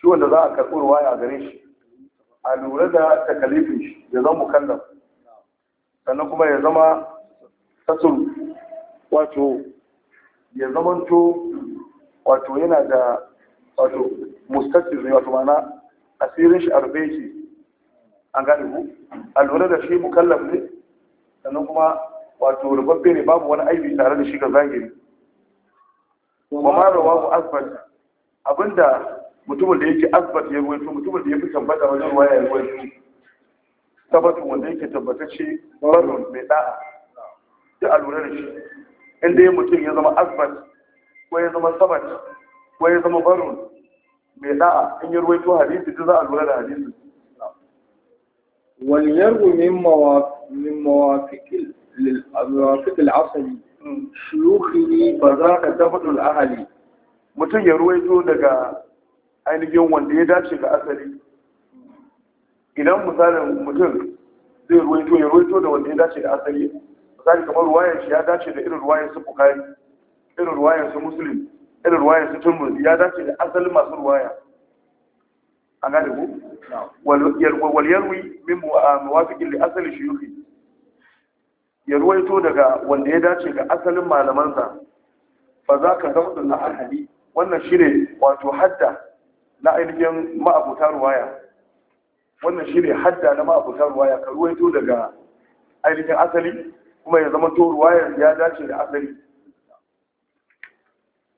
shi wanda za a karɓi ruwa a gare shi a lura da takalifin shi ya zama mukallaf sannan kuma ya zama tasir wato ya zamanto wato yana da wato mustatir ne wato mana asirin shi arbe shi an gane ku a lura da shi mukallaf ne sannan kuma wato rubabbe ne babu wani aibi tare da shi ga zangiri kuma ma rawahu asbat abinda mutumin da yake asbat ya ruwaito mutumin da ya fi tabbata wajen ruwa ya ruwaito tabbatin wanda yake ce barun mai da'a da alura da shi inda ya mutum ya zama asbat ko ya zama sabat ko ya zama barun mai da'a in ya ruwaito hadisi ta za a lura da hadisi وليرو من موافق الموافق العصبي شيوخه بذاك ahali. Mutum ya يرويته daga ainihin wanda ya dace ga asali idan misalin mutum zai ruwaito ya ruwaito da wanda ya dace da asali misali kamar ruwayar shi ya dace da irin ruwayar su bukari irin ruwayar su muslim irin ruwayar su turmur ya dace da asalin masu ruwaya an gane ku wal yarwi min ah, muwafiqin li asali shuyukhi ya ruwaito daga wanda ya dace ga asalin malamansa fa za ka zama da ahadi wannan shine wato hadda na ainihin ma'abutar ruwaya wannan shi ne hadda na ma'abutar ruwaya ka ruwaito daga ainihin asali kuma ya zama to ruwayar ya dace da asali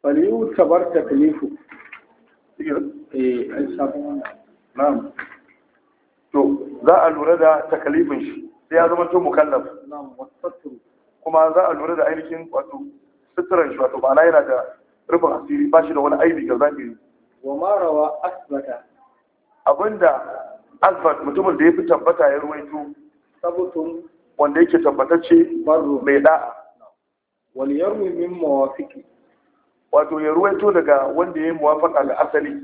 faliyu tabar ta kalifu eh, to za a lura da takalifin shi sai ya zama to mukallaf kuma za a lura da ainihin wato suturan shi wato ba yana da rufin asiri ba shi da wani aibi ga zafi wa abinda asbat mutumin da ya fi tabbata ya ruwaito sabutun wanda yake tabbatacce mai da'a wato ya ruwaito daga wanda ya yi muwafaka ga asali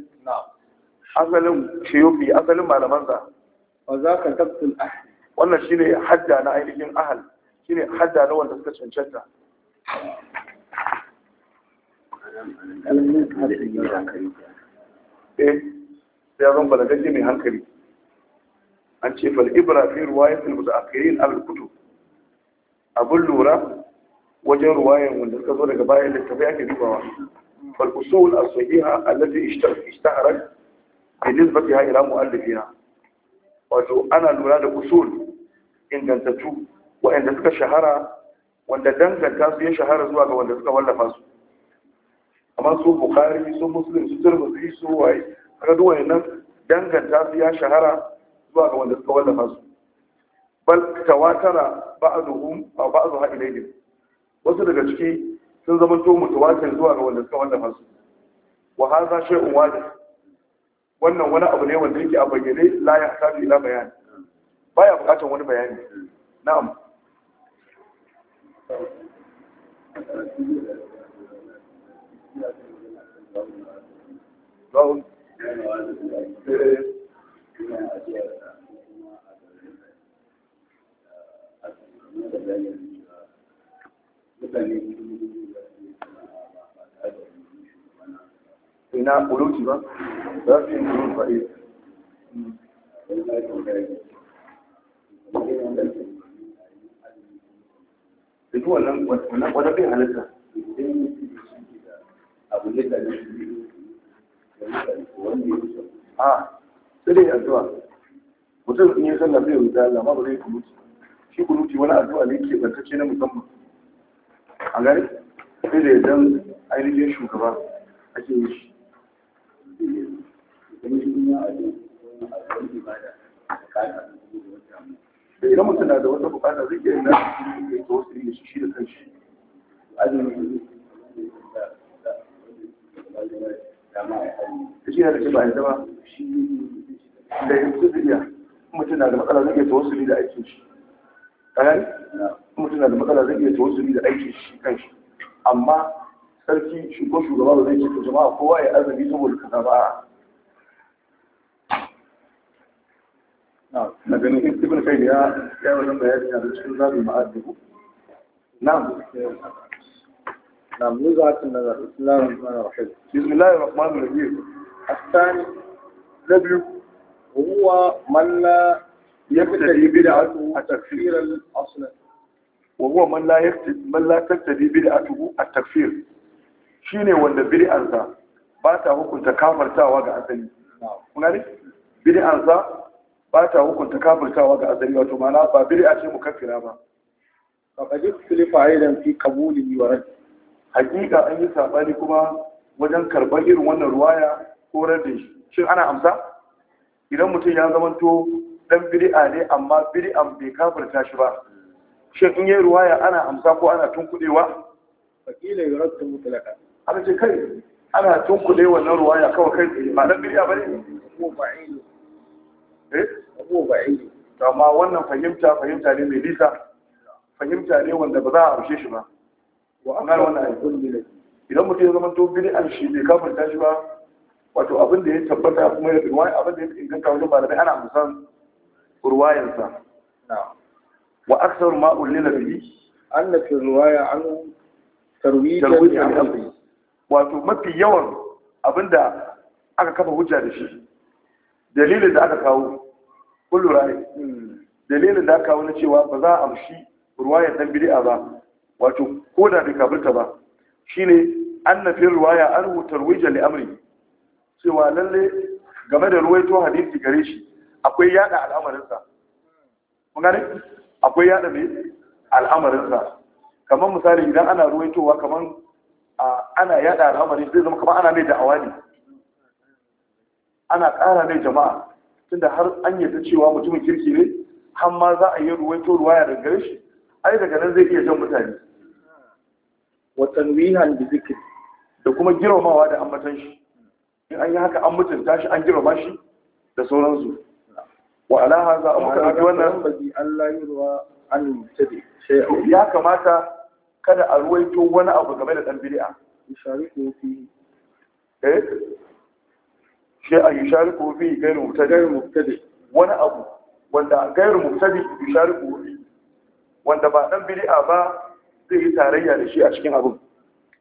asalin shiyofi asalin malamansa ba za ka tabbatul ahli wannan shi ne hajja na ainihin ahal shi ne hajja na wanda suka cancanta eh sai zan gaji mai hankali an ce fal ibra fi ruwayatil mutaakhirin al kutub abun lura wajen ruwayan wanda suka zo daga bayan littafai ake dubawa fal usul as sahiha allati ishtaharat bi nisbatiha ila muallifiha wato ana lura da usul ingantattu wa'anda suka shahara wanda danganta su ya shahara zuwa ga wanda suka wallafa su kamar su bukari su muslim su turmuzi su waye kaga duk nan danganta su ya shahara zuwa ga wanda suka wallafa su bal tawatara ba'dhum aw ba'dha ilayhim wasu daga ciki sun zama to mutawatir zuwa ga wanda suka wallafa su wa hadha shay'un wajib wannan wani abu ne wanda yake a bayyane la ya tafi ila bayani baya bukatar wani bayani na'am ina kuluci ba za su yi kuluci ba iya duk wannan wadda halitta a sai dai addu'a mutum in yi sallah zai wuta Allah ma ba zai kunuti shi kunuti wani addu'a ne ke bantacce na musamman a gari sai da yadda ainihin shugaba ake yi shi da idan mutum na da wata bukata zai iya yi na shi da kanshi azumi da da shi ba ba da yanzu zai iya mutum na da matsala zai iya tawassuli da aikin shi kayan na da matsala iya da aikin shi kan shi amma sarki shi ko shugaba ba zai ce to jama'a kowa ya azumi saboda kaza ba na ganin ibn kai ya ya wannan bayani na cikin zabi ma'adibu na'am نعم نزعة النظر بسم الله الرحمن الرحيم بسم الله الرحمن الرحيم الثاني نبي وهو من لا يبتدي بدعته تكفيرا أصلا وهو من لا يبتدي من لا تبتدي بدعته التكفير shine wanda bid'ansa ba ta hukunta kafirtawa ga asali kuna ne bid'ansa ba ta hukunta kafirtawa ga asali wato ma'ana ba bid'a ce mukaffira ba faqad ikhtalafa aidan fi qabulihi wa raddi hakika an yi sabani kuma wajen karɓar irin wannan ruwaya ko rabin shi shin ana amsa idan mutum ya zamanto dan bid'a ne amma bid'an bai kafirta shi ba shin in yayi ruwaya ana amsa ko ana tunkudewa fakila yuraddu mutlaqan ana ce kai ana tunkude wannan ruwaya kawai kai ba dan bid'a bane ko ba'ilu eh ko ba'ilu amma wannan fahimta fahimta ne mai nisa fahimta ne wanda ba za a amshe shi ba idan mutum ya zama to bid'a shi bai kafirta shi ba wato abin da ya tabbata kuma ya ruwaya abin da ya inganta wajen malamai ana musan ruwayansa wa aksar ma ulila bihi anna fi ruwaya an tarwijan amri wato mafi yawan abin da aka kafa hujja da shi dalilin da aka kawo kullu rai hmm. dalilin da aka kawo na cewa ba za a amshi ruwayar dan bid'a ba wato ko da bai kafirta ba shine annafin ruwaya an hutar wijan Sai cewa lalle game da ruwaito hadisi gare shi akwai yada al'amarinsa mun ne? akwai yada mai al'amarinsa kamar misali idan ana ruwaitowa kamar ana yada al'amari zai zama kamar ana mai da awani ana ƙara mai jama'a tunda har an yadda cewa mutumin kirki ne har ma za a yi ruwaito ruwaya daga gare shi ai daga nan zai iya jan mutane Watan tanwihan bi da kuma girmamawa da ambatan shi in an yi haka an mutunta shi an girmama shi da sauransu wa ala hadha amuka abi wannan bazi Allah yurwa an mutabi ya kamata kada a ruwaito wani abu game da dan bid'a yushariku fi eh shi a yushariku fi gairu mubtadi mubtadi wani abu wanda gairu mubtadi yushariku fi wanda ba dan bid'a ba zai yi tarayya da shi a cikin abin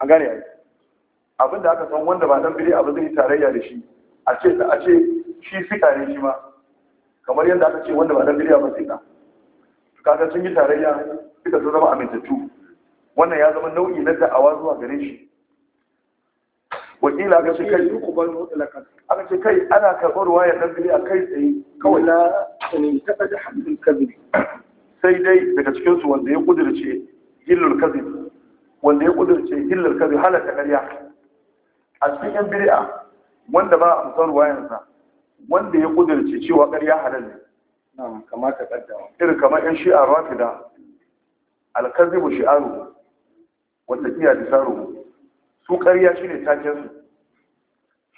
an gane yayi abin da aka san wanda ba dan bire abu zai yi tarayya da shi a ce da a ce shi fika ne shi ma kamar yadda aka ce wanda ba dan bire ba zai ka kaga sun yi tarayya suka zo zama amintattu wannan ya zama nau'i na da'awa zuwa gare shi wakila aka shi kai aka ce kai ana karɓar wayar dan a kai tsaye kawai na ne ta da hadin kabiri sai dai daga cikin su wanda ya kudirce hillul kazi wanda ya kudurce hillul kazib halatta ƙarya a cikin yan bid'a wanda ba a musar wayansa wanda ya kudurce cewa ƙarya halal ne kamar ta kaddama irin kamar yan shi'a rafida alkazibu shi'aru wata kiya disaru su ƙarya shine taken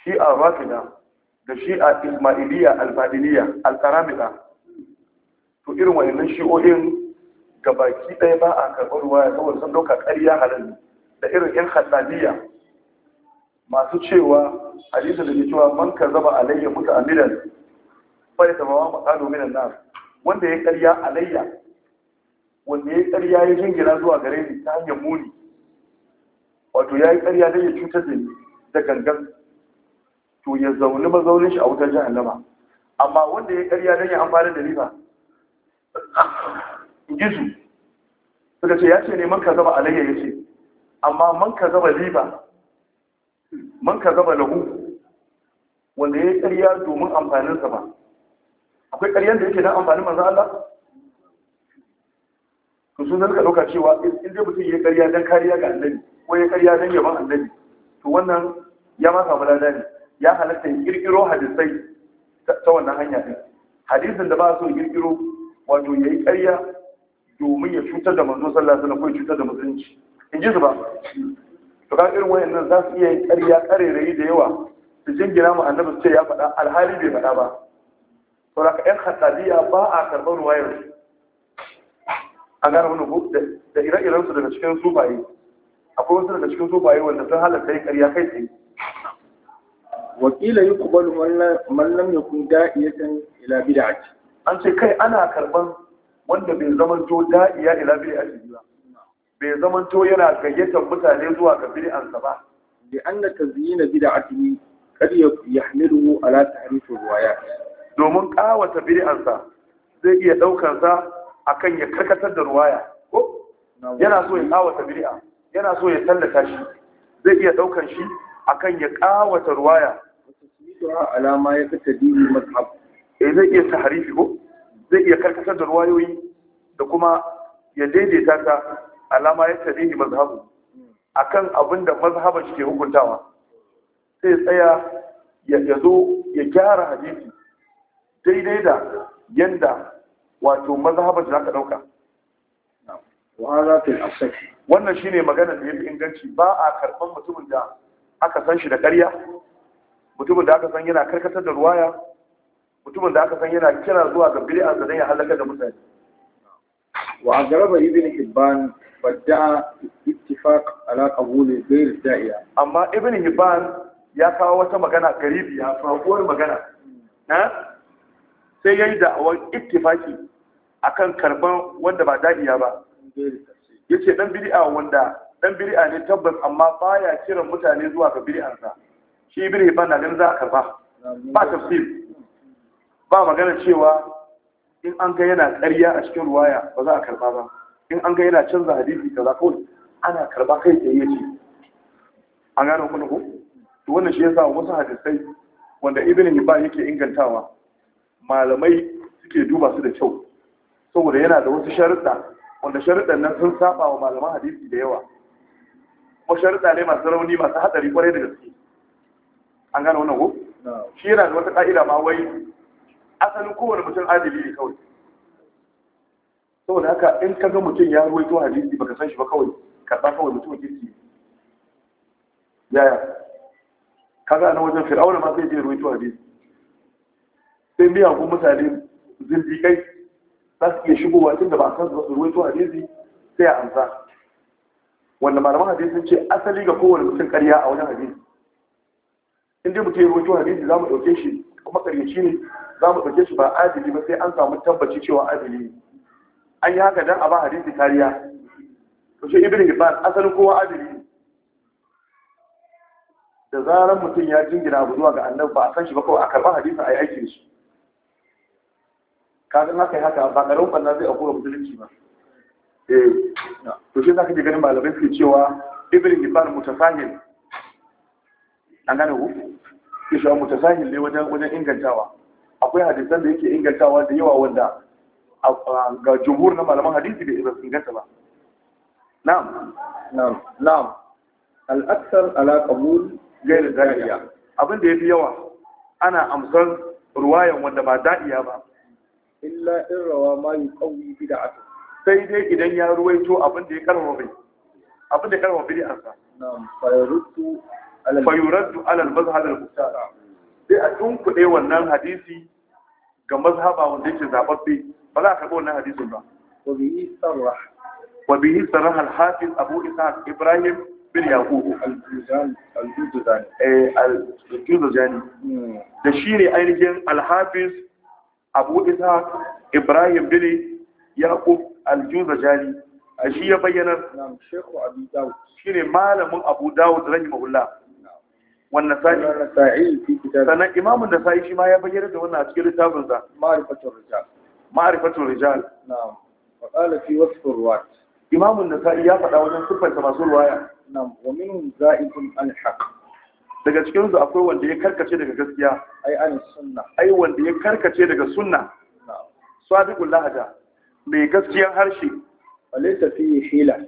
su shi'a rafida da shi'a ismailiyya albadiliya alkaramida to irin wa'annan shi'o'in ga baki ɗaya ba a karɓar ruwa ya saboda sun ɗauka ƙarya halal da irin yan hasaniya masu cewa hadisi da ke cewa man ka zaba alayya muta amiran bai ta bawa maƙalo minan nan wanda ya ƙarya alayya wanda ya ƙarya ya jingina zuwa gare ni ta hanyar muni wato ya yi ƙarya don ya cutar da ni da gangan to ya zaune mazaunin shi a wutar jahannama amma wanda ya ƙarya don ya amfani da riba gizu suka ce ya ce ne manka ka zaba alayya ya ce amma manka ka zaba liba manka ka zaba lahu wanda ya yi ƙarya domin amfaninsa ba akwai ƙaryar da yake na amfanin manzan Allah to sun zarka ɗauka cewa in dai mutum ya ƙarya don kariya ga annabi ko ya ƙarya don yaban annabi to wannan ya ma samu lada ne ya halatta ƙirƙiro hadisai ta wannan hanya ɗin hadisin da ba su ƙirƙiro wato ya yi ƙarya domin ya cutar da manzo sallallahu alaihi wasallam ko cutar da musulunci in ji su ba to ka irin wayannan za su iya yin ƙarya ƙarerayi da yawa su jingina mu annabi ce ya faɗa alhali bai faɗa ba to da ƴan hatsaliya ba a karɓar ruwayar A gane wani ko da ire-iren su daga cikin sufaye akwai wasu daga cikin sufaye wanda sun halatta yin ƙarya kai tsaye wakila yi kubalu mallam ya kun da'iyatan ila bida'ati an ce kai ana karɓar wanda bai zamanto da'iya ila bid'ati ba bai zamanto yana gayyatar mutane zuwa ga bid'ansa ba li anna tazyina bid'atihi kad yahmiluhu ala ta'rif riwayat domin kawata bid'ansa zai iya daukar sa akan ya karkatar da ruwaya yana so ya kawata bid'a yana so ya tallata shi zai iya daukar shi akan ya kawata ruwaya ala alama ya fita dini mazhab eh zai iya tahrifi ko zai iya karkatar da ruwayoyi da kuma ya daidaita ta alama ya tabihi mazhabu kan abin da mazhaban shi ke hukuntawa sai tsaya ya zo ya gyara hadisi daidai da yadda wato mazhaban shi zaka dauka wannan shi ne magana da ya fi inganci ba a karban mutumin da aka san shi da ƙarya mutumin da aka san yana karkatar da ruwaya mutumin da aka san yana kira zuwa ga bid'a da zai ya halaka da mutane wa agaraba ibn hibban badda ittifaq ala qabul ghair da'iya amma ibn hibban ya kawo wata magana garibi ya faruwar magana na sai yayi da'awar ittifaki akan karban wanda ba da'iya ba yace dan bid'a wanda dan bid'a ne tabbas amma baya kiran mutane zuwa ga bid'ansa shi ibn hibban na ganin za a karba ba tafsir ba magana cewa in an ga yana ƙarya a cikin ruwaya ba za a karba ba in an ga yana canza hadisi kaza kawai ana karba kai da yace an gano ku ko to wannan shi yasa wasu hadisai wanda ibn hibban yake ingantawa malamai suke duba su da kyau saboda yana da wasu sharuɗa wanda sharuɗan nan sun saba wa malaman hadisi da yawa kuma sharuɗa ne masu rauni masu hadari kwarai da gaske an gano wannan ko shi yana da wata ƙa'ida ma wai asalin kowane mutum adali ne kawai saboda haka in ka ga mutum ya ruwaito hadisi baka san shi ba kawai karɓa kawai mutum kirki yaya kaga na wajen fir'auna ma sai je ruwaito hadisi sai biya ko mutane zindiƙai za su iya shigowa tun da ba a san su ruwaito hadisi sai a amsa wanda malaman hadisi sun ce asali ga kowane mutum karya a wajen hadisi in dai mutum ya ruwaito hadisi za mu ɗauke shi kuma ƙaryaci ne za mu ɗauke shi ba adili ba sai an samu tabbaci cewa adili ne an yi haka don a ba hadisi kariya to shi ibn hibban asalin kowa adili ne da zarar mutum ya jingina abu zuwa ga annabi ba a san shi ba kawai a karɓar hadisi a yi aiki da shi kafin haka yi haka ba ƙaramin ɓanna zai akwai musulunci ba eh to shi za ka ji ganin malamai suke cewa ibn hibban mutasahil an gane ku ke shawo mutasahil ne wajen ingantawa akwai hadisan da yake ingantawa da yawa wanda ga jumhur na malaman hadisi bai isa inganta ba na'am na'am na'am al-aksar ala qabul ghayr da'iya abin da yafi yawa ana amsar ruwayan wanda ba da'iya ba illa in rawa ma yuqawi bid'atu sai dai idan ya ruwaito abin da ya karwa bai abin da ya karwa bid'arsa na'am fa yaruddu fa yuraddu ala al sai a tunkuɗe wannan hadisi ga mazhaba wanda yake zababbe ba za a karɓi wannan hadisin ba wa bihi sarrah wa hafiz abu ishaq ibrahim bin yaqub al eh, da shi ne ainihin al abu ishaq ibrahim bin yaqub al a shi ya bayyana shi ne malamin abu dawud rahimahullah wannan sa'i sannan imamun da sa'i shi ma ya bayyana da wannan a cikin littafin sa ma'rifatul rijal ma'rifatul rijal na'am wa qala fi wasf ruwat imamun da sa'i ya faɗa wajen sifanta masu ruwaya na'am wa minhum za'idun al-haq daga cikin su akwai wanda ya karkace daga gaskiya ai an sunna ai wanda ya karkace daga sunna na'am sadiqul lahaja mai gaskiyan harshe alaysa fihi hila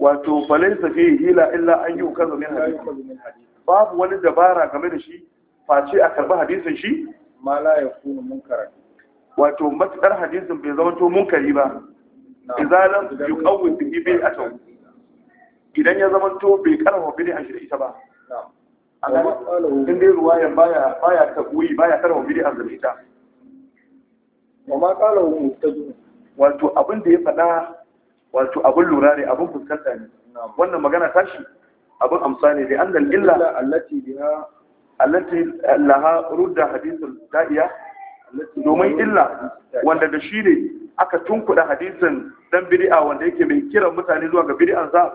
wato falaysa fihi hila illa an yukazu min hadith babu wani dabara game da shi face a karɓi hadisin shi ma la yakunu munkara wato matukar hadisin bai zama to munkari ba izalan yuqawwi bihi bai atau idan ya zama to bai karawa bid'a shi da ita ba in dai ruwaya baya baya tabuyi baya karfa bid'a da ita wa ma qala hu wato abin da ya faɗa wato abin lura ne abin fuskanta ne wannan magana tashi abin amsa ne da annal illa allati biha allati laha rudda hadithul da'iya domin illa wanda da shi ne aka tunkuda hadisin dan bid'a wanda yake mai kiran mutane zuwa ga bid'an sa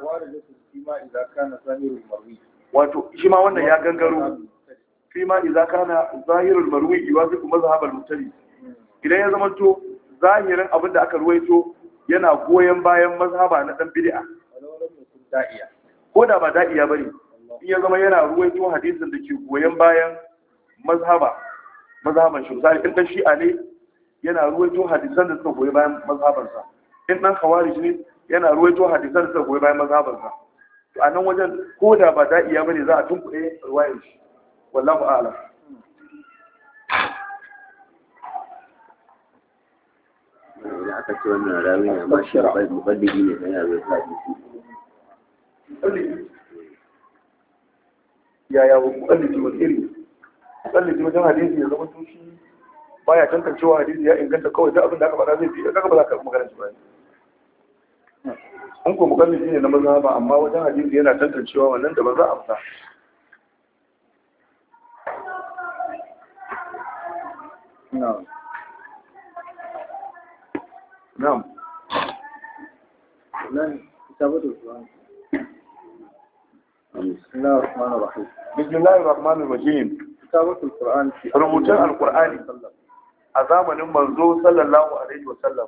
wato shi ma wannan ya gangaro fi ma idza kana zahirul marwi yuwafiqu mazhab al-mutali idan ya zamanto zahirin abin da aka ruwaito yana goyen bayan mazhaba na dan bid'a ko da ba daɗi ya bari in ya zama yana tun hadisin da ke goyon bayan mazhaba mazhaban shi misali in dan shi'a ne yana tun hadisan da suka goyi bayan mazhabansa in dan khawarij ne yana tun hadisan da suka goyi bayan mazhabansa to a nan wajen ko da ba daɗi ya bari za a tunkuɗe ruwayar shi wallahu a'lam aka ce wannan shi yaya wa muƙallidi wa iri muƙallidi wajen hadisi ya zama tushi ba ya tantancewa hadisi ya inganta kawai duk abin da aka faɗa zai fi kaga ba za ka magana shi ba an ko muƙallidi ne na maza ba amma wajen hadisi yana tantancewa wannan da ba za a fita na'am na'am nan ita ba da الرجيم بسم الله الرحمن الرحيم كتابة القرآن رموتان القرآن عظام المنزو صلى الله عليه وسلم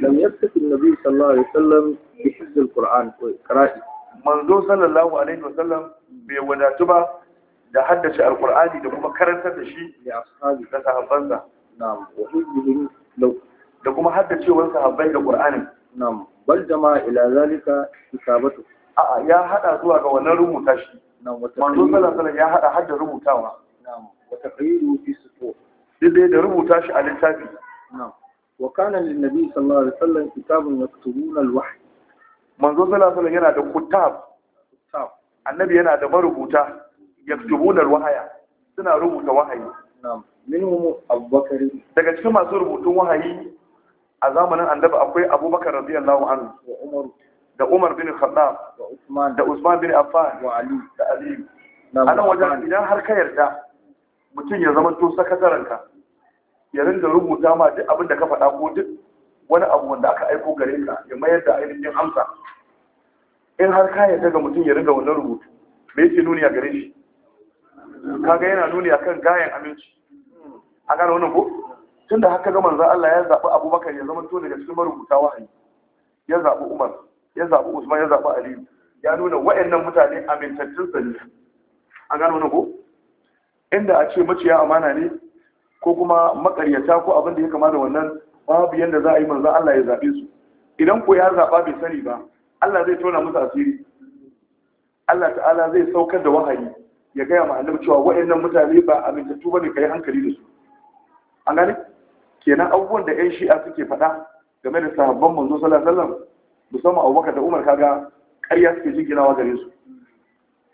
لم يكتف النبي صلى الله عليه وسلم بحفظ القرآن وقراءه manzo sallallahu alaihi wasallam bai wadatu ba da haddace alkur'ani da kuma karantar da shi da sahabbansa da kuma haddacewar sahabbai da qur'anin na'am bal jama'a ila zalika isabatu a'a ya hada zuwa ga wannan rubuta shi manzo sallallahu ya hada har da rubutawa wa taqriru fi sutur dai da rubuta shi a littafi na'am wa kana lin nabi sallallahu alaihi wasallam kitabun yaktubuna alwahy manzo sallallahu yana da kutab kutab annabi yana da marubuta yaktubun alwahya suna rubuta wahayi na'am minhum abubakar daga cikin masu rubutun wahayi a zamanin annabi akwai abubakar radiyallahu anhu wa umar da Umar bin Khattab da Usman bin Affan wa Ali da Ali Ana wajen idan har ka yarda mutum ya zama to sakataranka ya rinda rubuta ma duk abin da ka faɗa ko duk wani abu wanda aka aiko gare ka ya mayar da ainihin amsa in har ka yarda ga mutum ya rinda wannan rubutu me yake nuni a gare shi kaga yana nuni akan gayan aminci a gane wannan ko tunda haka ga manzo Allah ya zaɓi Abubakar ya zama to daga cikin marubuta wahayi ya zaɓi Umar ya zaɓi usman ya zaɓi aliyu ya nuna wa'annan mutane amintattun sani an gano wani ko inda a ce maciya amana ne ko kuma makaryata ko abin da ya kama da wannan babu yadda za a yi manzan Allah ya zaɓe su idan ko ya zaɓa bai sani ba Allah zai tona musu asiri Allah ta'ala zai saukar da wahayi ya gaya ma annabi cewa wa'annan mutane ba amintattu bane kai hankali da su an gane kenan abubuwan da 'yan shi'a suke faɗa game da sahabban manzo sallallahu alaihi wasallam musamman abubakar da umar kaga ƙarya suke jinginawa gare su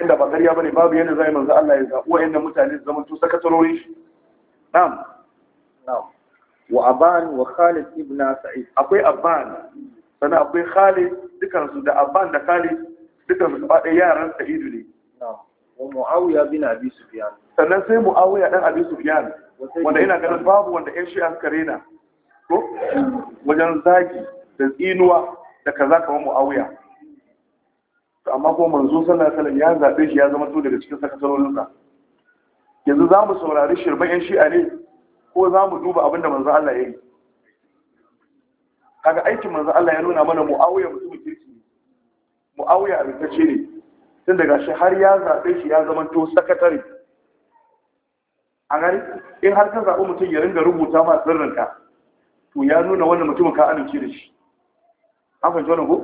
inda ba ƙarya ne, babu yadda zai manzu Allah ya zaɓi wa'annan mutane su zama tusa sakatarorin shi na'am wa aban wa khalid ibn sa'id akwai aban sannan akwai khalid dukan su da aban da khalid dukan su faɗa yaran sa'id ne wa muawiya bin abi sufyan sannan sai muawiya dan abi sufyan wanda ina ganin babu wanda ƴan shi'a kare na. ko wajen zagi da tsinuwa da kaza kamar muawiya to amma ko manzo sallallahu alaihi wasallam ya zabe shi ya zama to daga cikin sakatarorinsa yanzu za mu saurari shirban yan shi'a ne ko za mu duba abin da manzo Allah ya yi kaga aikin manzo Allah ya nuna mana muawiya mutumin kirki ne muawiya abintace ne tun daga shi har ya zabe shi ya zama to sakatare a gani in har ka zaɓi mutum ya ringa rubuta ma sirrinka to ya nuna wannan mutumin ka amince da shi an fahimci ko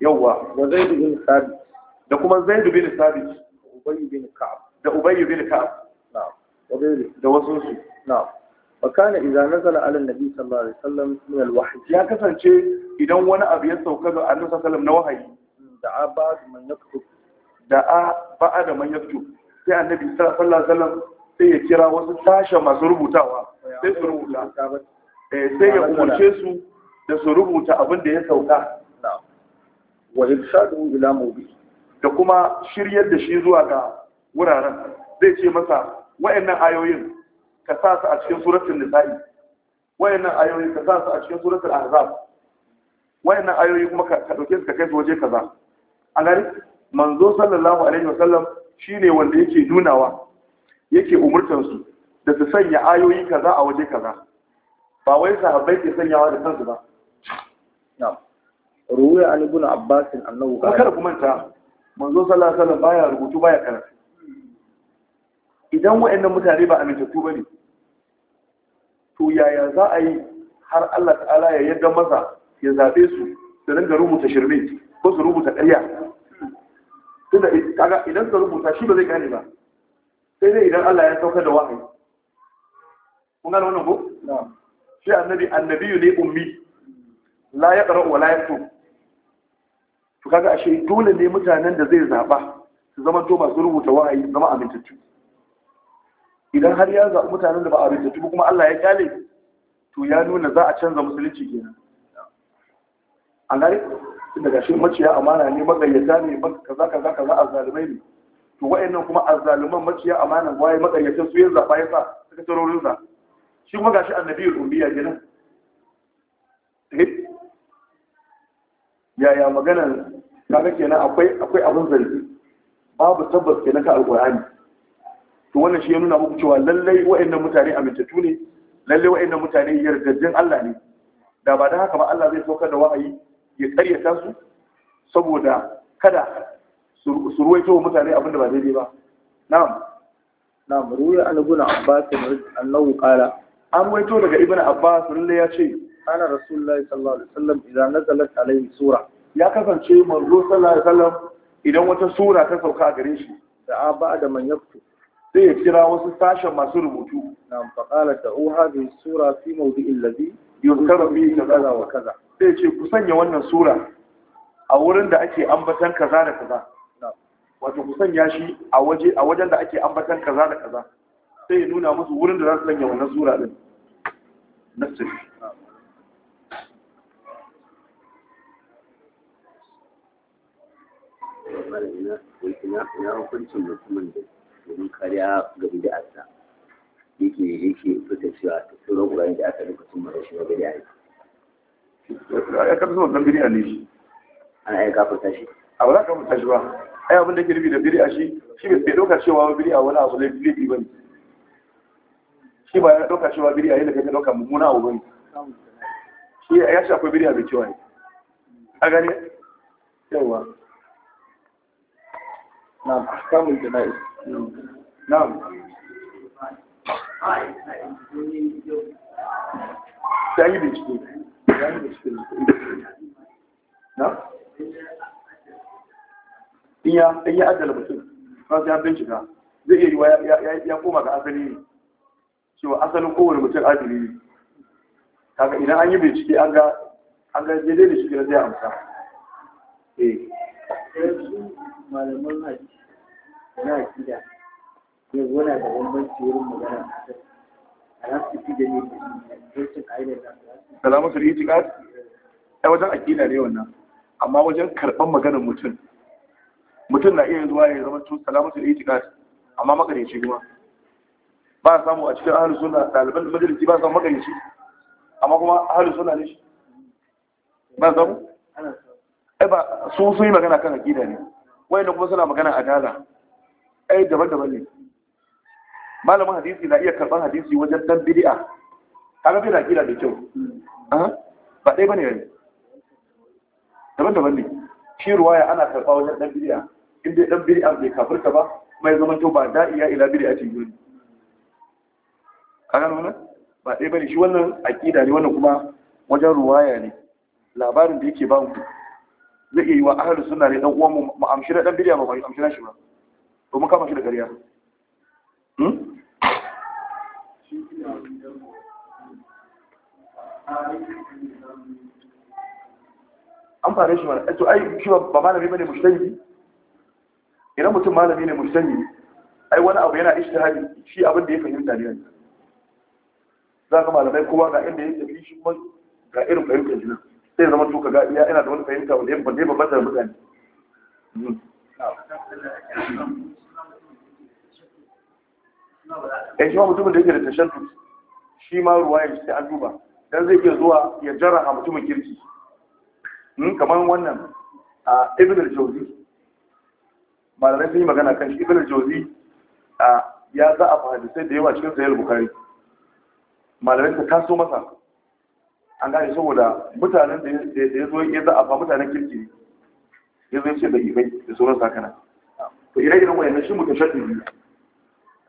yawwa da kuma bin da bin ka'ab da wasu su nabi sallallahu alaihi wasallam min alwahyi ya kasance idan wani abu ya sauka ga annabi sallallahu na wahayi da ba man yaktu da ba da man yaktu sai annabi sallallahu alaihi wasallam sai ya kira wasu tasha masu rubutawa sai su rubuta eh, sai ya umarce su da su rubuta abin da ya sauka wa irshadu ila mawdi da kuma shiryar da shi zuwa ga wuraren zai ce masa wayannan ayoyin ka sa su a cikin suratul nisa'i wayannan ayoyi ka sa su a cikin suratul ahzab wayannan ayoyi kuma ka dauke su ka kai su waje kaza a gari manzo sallallahu alaihi wasallam shine wanda yake nunawa yake umurtar su da su sanya ayoyi kaza a waje kaza ba wai sahabbai ke sanyawa da kansu ba na'am ruwaya an ibn abbas annahu qala kada ku manta manzo sallallahu alaihi wasallam baya rubutu baya karatu idan wa'annan mutane ba ba bane to yaya za a yi har Allah ta'ala ya yadda masa ya zabe su su ringa rubuta shirme ko su rubuta ƙarya tunda kaga idan su rubuta shi ba zai gane ba sai dai idan Allah ya sauka da wahayi kun gane wannan ko shi annabi annabiyu ne ummi la ya ƙara wa la su kaga to shi ashe dole ne mutanen da zai zaɓa su zama to masu rubuta wahayi zama amintattu idan har ya zaɓi mutanen da ba amintattu kuma Allah ya kyale to ya nuna za a canza musulunci kenan gari gare daga shi maciya amana ne magayyata ne kaza kaza kaza zalimai ne to wa'annan kuma azzaluman maciya amana waye magayyata su yin zaɓa ya sa suka tarorin za shi kuma gashi annabiyul ummiya kenan eh? yaya maganar kaga kenan akwai akwai abin zargi babu tabbas kenan ka alqur'ani to wannan shi ya nuna muku cewa lallai wa'annan mutane amintattu ne lallai wa'annan mutane yardaddin Allah ne da ba da haka ba Allah zai saukar da wa'ayi ya karyata su saboda kada su ruwaito wa mutane abin da ba daidai ba na'am na'am ruwa an guna abbas annahu qala an waito daga ibnu abbas lalle ya ce kana rasulullahi sallallahu alaihi wasallam idan nazalat alaihi sura ya kasance manzo sallallahu alaihi wasallam idan wata sura ta sauka a gare shi da ba da man yaktu sai ya kira wasu sashen masu rubutu na faqala da o hadin sura fi mawdi'in ladhi yuzkaru bi kaza wa kaza sai ce ku sanya wannan sura a wurin da ake ambatan kaza da kaza wato ku sanya shi a waje a wajen da ake ambatan kaza da kaza sai ya nuna musu wurin da za su sanya wannan sura din nasir malam ina ina ina hukuncin mutumin da domin kariya ga bid'arsa yake yake fita cewa sauran ƙurani da aka nufa sun mara shi ba bid'a ne ya karfi wannan bid'a ne shi ana iya gafarta shi a ba za ka gafarta shi ba ai abin da ke nufi da bid'a shi shi bai sai ɗauka cewa bid'a wani abu zai laifi ba ne shi ba ya ɗauka cewa bid'a yadda kai ka ɗauka mummuna abu ba ne shi ya shi akwai bid'a mai cewa ne a gani yawwa. نعم أحكام الجنائز نعم تعالي بيشتري تعالي بيشتري نعم iya in ya ajala mutum kan ya bincika zai iya yiwa ya koma ga asali ne cewa asalin kowane mutum adili ne kaga idan an yi bincike an ga an ga daidai zai amsa eh. malaman hadisi na akida ya gona da bambanci wurin magana salamatul itiqad ai wajen akida ne wannan amma wajen karɓar maganar mutum mutum na iya zuwa ya zama to salamatul itiqad amma makareci kuma ba samu a cikin suna ɗaliban da majalisi ba samu makareci amma kuma ahlus suna ne shi ba samu ai ba su sun yi magana kan akida ne wayanda kuma suna magana adala ai daban-daban ne malamin hadisi na iya karɓar hadisi wajen dan bid'a kaga bid'a na kira da kyau ba ɗaya bane ne daban-daban ne shi ruwaya ana karɓa wajen dan bid'a inda dan bid'a bai kafirta ba mai zaman to ba da'iya ila bid'a ce yuri kaga wannan ba ɗaya bane shi wannan aqida ne wannan kuma wajen ruwaya ne labarin da yake ba mu zai iya yi wa ahalus suna ne dan uwan mu amshi na dan bidiya ba mai amshi na shi ba to mun kama shi da ƙarya hmm? an fara shi mana to ai shi ba malami bane mujtahidi idan mutum malami ne mujtahidi ai wani abu yana ishi ijtihadi shi abin da ya fahimta ne za ka malamai kowa ga inda ya tafi shi ga irin fahimtar jinan sai zama tuka ga iya ina da wani fahimta wanda ya bande babbar da mutane Ya eh, shi ma mutumin da yake da tashar tashaddud shi ma ruwa ya sai an duba dan zai iya zuwa ya a mutumin kirki hmm, kamar wannan a ibn jozi jawzi malamai sun yi magana kan shi ibn jozi ya za a fahimta da yawa cikin sayar bukhari malamai ta taso masa an gane saboda mutanen da ya zo ya za a fa mutanen kirki ya zo ce da ibai da sauran sakana to ire iren wayannan shi mutum shaɗi biyu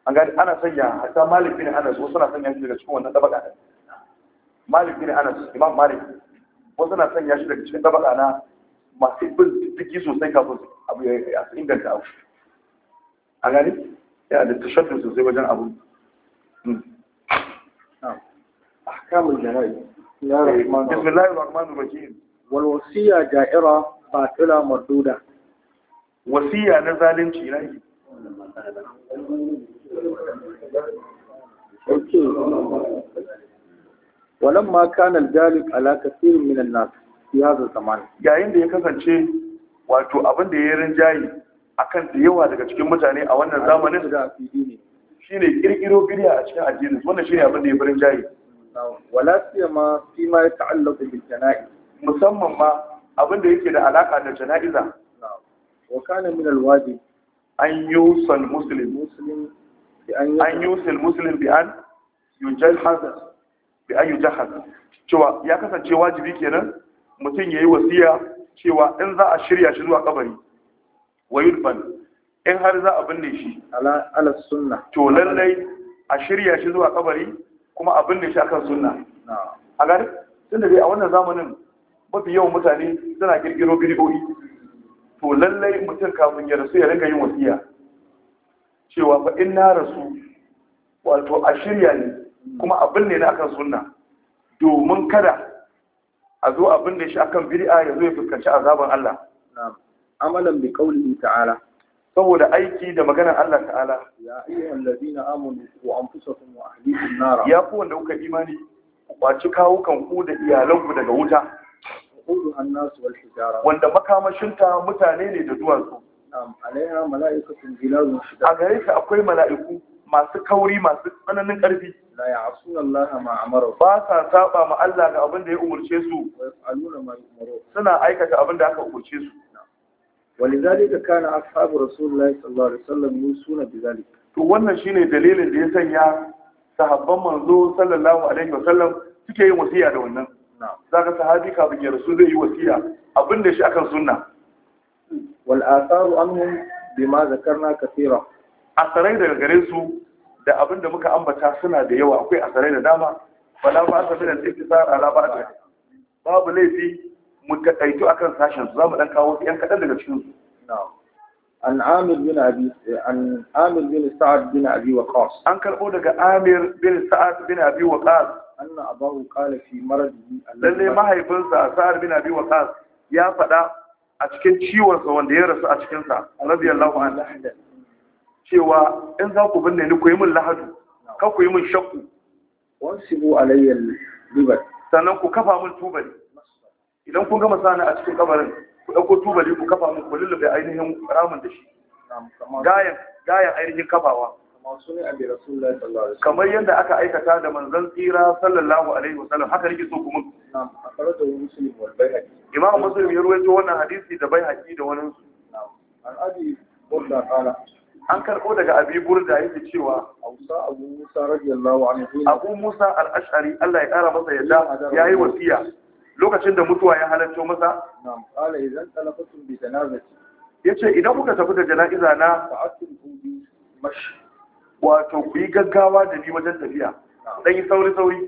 an gane ana sanya hatta malik bin anas wasu na sanya shi daga cikin wannan tabaka malik bin anas imam malik wasu na sanya shi daga cikin tabaka na masu bin ciki sosai kafin abu ya inganta abu a gani yana da tashaddun sosai wajen abu hmm. ahkamul jana'i بسم الله الرحمن الرحيم والوصية جائرة باطلة مردودة وصية نزالين شيئا ولما كان الجالب على كثير من الناس في yayin da ya kasance wato abin da ya a kan da yawa daga cikin mutane a wannan zamanin shine ƙirƙiro bid'a a cikin addini wannan shine abin da ya wala ma fi ma da bil jana'iz musamman ma abin da yake da alaka da jana'iza wa kana min al wajib an yusal muslim muslim an yusil muslim bi an yujahhaz bi an yujahhaz cewa ya kasance wajibi kenan mutum yayi wasiya cewa in za a shirya shi zuwa kabari wa yudfan in har za a binne shi ala ala sunna to lallai a shirya shi zuwa kabari kuma abin da shi akan sunna a gani da dai a wannan zamanin mafi yawan mutane suna girgiro bidiyoyi to lallai mutum kafin ya rasu ya rika yin wasiya cewa fa in na rasu wato a shirya ne kuma abin ne na akan sunna domin kada a zo abin da shi akan bid'a ya zo ya fuskanci azaban Allah amalan bi qaulihi ta'ala saboda aiki da maganar Allah ta'ala ya ayyuhal ladina amanu wa anfusakum wa ahlikum nara ya ku wanda kuka imani ku kwaci kawukan ku da iyalanku daga wuta qulu annas wal hijara wanda makamashinta mutane ne da duwatsu su alaiha mala'ikatun gilazun shida a gare ta akwai mala'iku masu kauri masu tsananin karfi. la ya'sun Allah ma amara ba sa saba ma Allah ga abin da ya umurce su suna aikata abin da aka umurce su ولذلك كان أصحاب رسول الله صلى الله عليه وسلم يوصون بذلك to wannan shine dalilin da ya sanya sahabban manzo sallallahu alaihi wasallam suke yin wasiya da wannan zaka sahabi kafin ya rasu zai yi wasiya abin da shi akan sunna wal atharu anhum bima zakarna kathira asarai daga gare su da abin da muka ambata suna da yawa akwai asarai da dama fala ba ta bin al-ittisar ala ba'd babu laifi mu takaitu akan sashen su zamu dan kawo su yan kadan daga cikin su an amir bin abi an amir bin sa'ad bin abi waqas an karbo daga amir bin sa'ad bin abi waqas anna abahu qala fi maradihi lalle mahaifinsa sa'ad bin abi waqas ya faɗa a cikin ciwon sa wanda ya rasu a cikin sa radiyallahu anhu cewa in za ku binne ni ku yi min lahadu ka ku yi min shakku wansibu alayya libat sannan ku kafa min tubali idan kun gama sani a cikin kabarin ku ɗauko tubali ku kafa mu ku lullube ainihin ramin da shi gayan gayan ainihin kafawa kamar yadda aka aikata da manzon tsira sallallahu alaihi wasallam haka nake so kuma imam muslim ya ruwaito wannan hadisi da bai haƙi da wani su an karɓo daga abi burda yake cewa abu musa radiyallahu anhu abu musa al-ash'ari Allah ya ƙara masa yadda yayi wasiya lokacin da mutuwa ya halarci masa na'am ce idan talafatum bi janazati yace idan kuka tafi da jana'iza na fa'atum bi mash wato ku yi gaggawa da ni wajen tafiya dan yi sauri sauri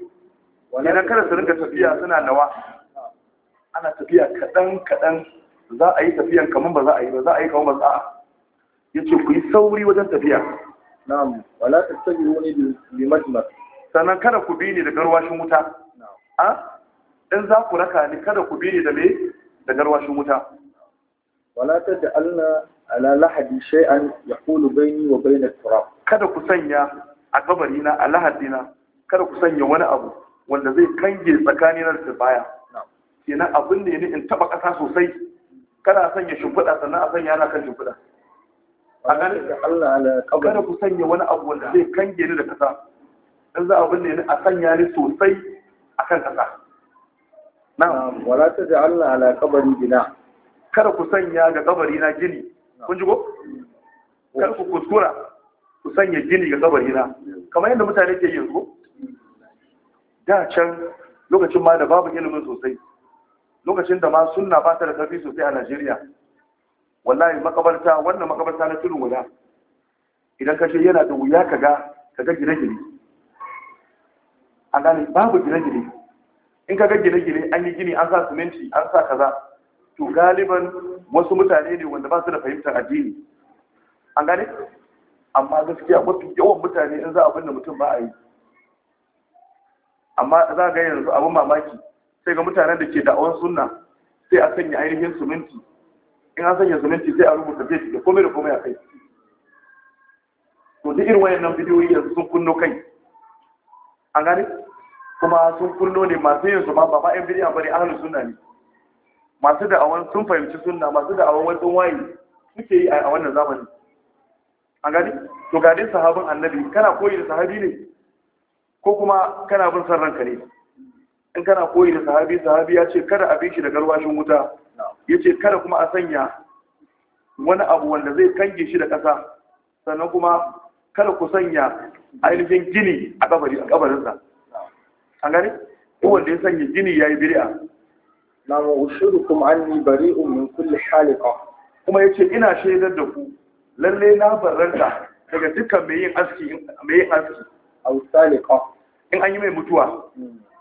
idan kada su rinka tafiya suna nawa ana tafiya kaɗan kaɗan za a yi tafiyan kamar ba za a yi ba za a yi kamar ba za a yace ku yi sauri wajen tafiya na'am wala tastajiru ni bi majmar sannan kada ku bi ni da garwashin wuta in za ku raka ni kada ku bi ni da me da garwashin wuta wala ta da alla ala lahadi shay'an yaqulu bayni wa bayna turab kada ku sanya a kabari na a lahadi na kada ku sanya wani abu wanda zai kange na da baya kenan abin ne ne in taba kasa sosai kada sanya shimfiɗa sannan a sanya na kan shimfiɗa a kada ku sanya wani abu wanda zai kange ni da kasa in za abin ne a sanya ni sosai akan kasa na'am wala Allah ala qabri bina kada ku sanya ga kabari na gini kun ji ko kada ku kuskura ku sanya gini ga kabari na kamar yadda mutane ke yin ko da can lokacin ma da babu ilimin sosai lokacin da ma sunna ba ta da karfi sosai a Najeriya wallahi makabarta wannan makabarta na tudun guda. idan ka yana da wuya kaga kaga gine-gine a gane babu gine-gine in ka ga gine-gine an yi gini an sa siminti an sa kaza to galiban wasu mutane ne wanda ba su da fahimtar addini an gane amma gaskiya mafi yawan mutane in za a binne mutum ba a yi amma za ga yanzu abin mamaki sai ga mutanen da ke da'awar sunna sai a sanya ainihin siminti in an sanya siminti sai a rubuta zai da komai da komai a kai to duk irin wayannan bidiyoyi yanzu sun kunno kai an gane kuma sun kullo ne masu yin su ma ba ba'in bidiya bane ahlus suna ne masu da'awan sun fahimci suna. masu da'awan wani wayi suke yi a wannan zamani an gani to ga sahabin annabi kana koyi da sahabi ne ko kuma kana bin san ranka ne in kana koyi da sahabi sahabi ya ce kada a shi da garwashin wuta ya ce kada kuma a sanya wani abu wanda zai kange shi da ƙasa sannan kuma kada ku sanya ainihin gini a kabarinsa an gani wanda ya sanya jini ya yi biri'a? na mu an yi bari min kulle haliqa kuma ya ce ina shaidar da ku lalle na barranta daga dukkan mai yin aski mai yin aski aw saliqa in an yi mai mutuwa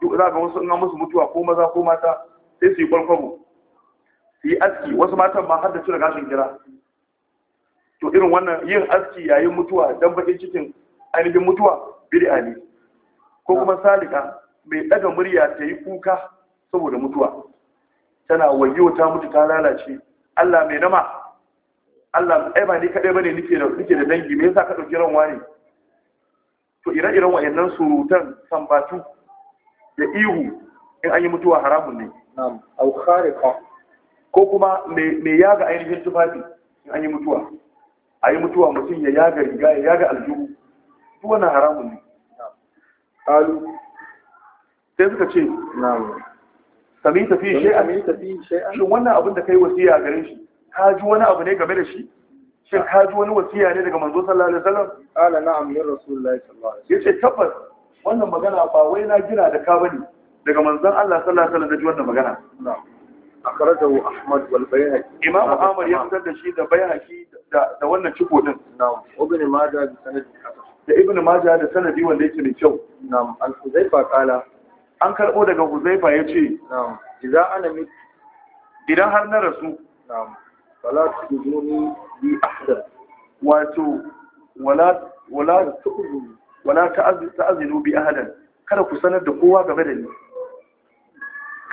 duk za ga wasu in an musu mutuwa ko maza ko mata sai su yi kwalkwabo su yi aski wasu matan ma har da cire gashin kira to irin wannan yin aski yayin mutuwa dan bakin cikin ainihin mutuwa bid'a ne ko kuma salika mai daga murya ta yi kuka saboda mutuwa tana wayo ta mutu ta lalace Allah mai nama Allah ai ba ni kadai bane nike da nike da dangi me yasa ka dauki ran wani to ire-iren wayannan surutan sambatu da ihu in an yi mutuwa haramun ne na'am au khariqa ko kuma me me yaga ainihin tufafi in an yi mutuwa a yi mutuwa mutum ya yaga riga ya yaga aljuhu duk wannan haramun ne na'am sai suka ce sami tafi shai'a shin wannan abin da kai wasiya gare shi ka ji wani abu ne game da shi shin ka ji wani wasiya ne daga manzo sallallahu alaihi wasallam ala na'am min rasulullahi sallallahu alaihi wasallam yace tabbas wannan magana ba wai na gina da ka bane daga manzon Allah sallallahu alaihi wasallam da ji wannan magana akhrajahu ahmad wal bayhaqi imam ahmad ya fitar da shi da bayhaqi da da wannan ciko din ibn majah da sanadi da ibn majah da sanadi wanda yake mai kyau na'am al-huzaifa qala an karɓo daga huzaifa ya ce idan har na rasu wala ta duni bi a wato wala ta tu'zu bi kada ku sanar da kowa game da ni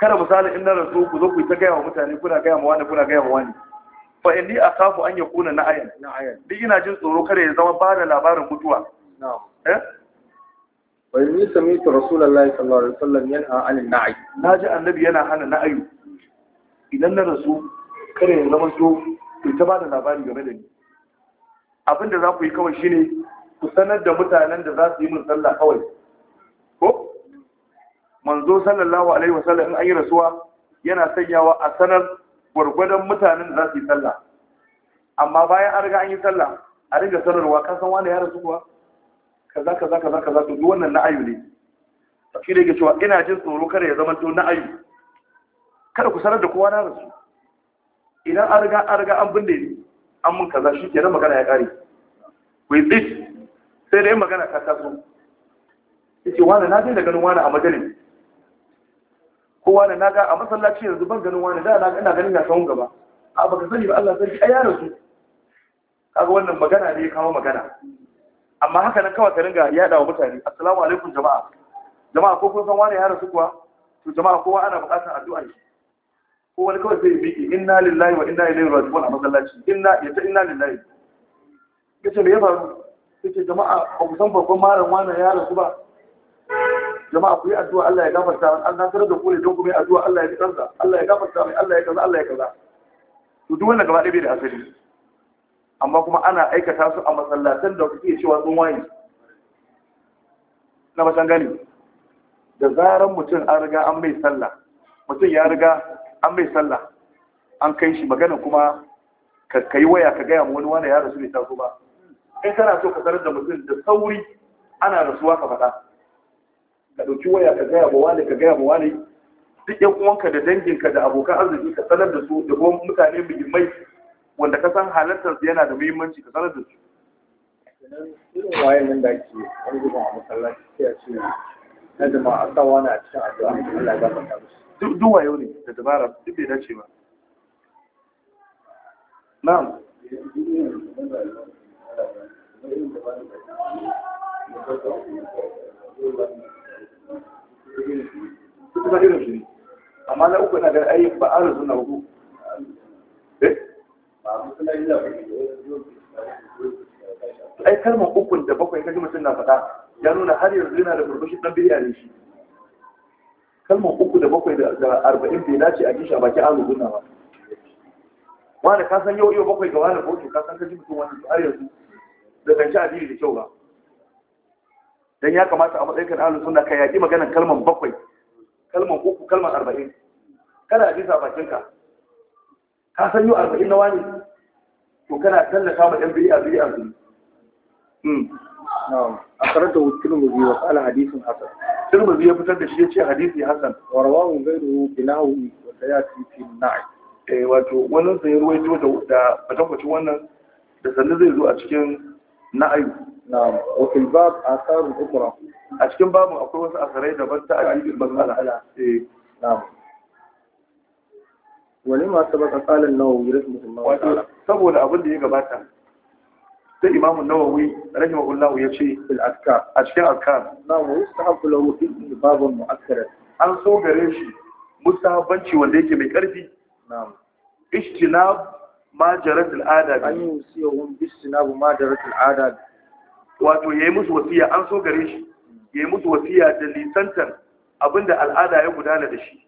kada misali in na rasu ku zo ku ta gaya wa mutane kuna gaya ma wani kuna gaya ma wani fa inni akhafu an yakuna na'ayan duk ina jin tsoro kada ya zama ba da labarin mutuwa eh وإني سميت رسول الله صلى الله عليه وسلم ينهى عن النعي annabi yana hana عن idan na rasu kare ya zama to ita ba da labari game da ni abinda za ku yi kawai shine ku sanar da mutanen da za su yi min kawai ko manzo yana sanyawa a sanar gwargwadon mutanen da za su sallah amma bayan an riga an yi sallah a riga sanarwa kasan wani ya rasu kuwa kaza kaza kaza kaza to duk wannan na'ayu ne shi da yake cewa ina jin tsoro kada ya zama to na'ayu kada ku sanar da kowa na rasu idan an riga an riga an binne ni an mun kaza shi kenan magana ya kare ku yi tsit sai dai magana ka taso yace wani na je da ganin wani a majalis ko wani na ga a masallaci yanzu ban ganin wani da na ina ganin ya sawun gaba a baka sani ba Allah sai ai ya rasu kaga wannan magana ne ya kawo magana amma haka nan kawai ka ringa yada wa mutane assalamu alaikum jama'a jama'a ko kun san wani ya rasu kuwa to jama'a kowa ana buƙatar addu'a ne ko wani kawai zai miƙe inna lillahi wa inna ilaihi raji'un a masallaci inna ya ta inna lillahi kace me ya faru kace jama'a ba ku san babban malam wani ya rasu ba jama'a ku yi addu'a Allah ya gafarta an an nasarar da ku ne don ku mai addu'a Allah ya ji Allah ya gafarta mai Allah ya kaza Allah ya kaza to duk wannan gaba ɗaya bai da asali amma kuma ana aikata su a masallatan da kuke cewa sun waye na ba gani da zarar mutum an riga an mai sallah mutum ya riga an mai sallah an kai shi magana kuma ka yi waya ka gaya wani wani ya rasu ne ta ba in kana so ka sanar da mutum da sauri ana rasuwa ka faɗa ka ɗauki waya ka gaya ma wani ka gaya ma wani duk yan uwanka da danginka da abokan arziki ka sanar da su da kuma mutane muhimmai wanda ka san halartar su yana da muhimmanci ka sanar da su irin wayan nan da ake wani zuba a masallaci sai a ce na jama'a sa wani a cikin addu'a Allah ya gafarta musu duk duk wayo ne da dabara duk bai dace ba na'am Duk ba irin shi ne, amma na uku na ga ayyuka ba a rasu na uku. Eh? ai kalma ukun da bakwai kaji mutum na faɗa ya nuna har yanzu yana da burbushin dan biya ne shi kalma uku da bakwai da arba'in bai dace a gisha baki an rubuna ba wani ka san yau yau bakwai ga wani kotu ka san kaji mutum wani har yanzu da zanci addini da kyau ba dan ya kamata a matsayin kan ahlus sunna ka yaki maganar kalman bakwai kalman uku kalman arba'in kana jisa bakinka ka san yau arba'in na wani to kana tallafa ma ɗan bid'a bid'a su أخرجه الترمذي وقال حديث حسن الترمذي يفتر بشيء شيء حديث حسن ورواه غيره ya ci في النعي eh wato wannan sai ruwaito da batakwaci wannan da sannan zai zo a cikin na'ayu na'am wa fil a tsarin ukra a cikin babu akwai wasu asarai daban ta ajibin masala eh na'am wani ma sabaka qala an-nawawi rahimahullah wa saboda abin da ya gabata sai imamun nawawi rahimahullahu ya ce fil a cikin askar na wa yustahabu lahu fi babun mu'akkara an so gare shi mustahabbanci wanda yake mai karfi na'am ijtinab ma jarat al'ada an yusiyahum bi ijtinab ma jarat al'ada wato yayi musu wasiya an so gare shi ya yi musu wasiya da lisantan abinda al'ada ya gudana da shi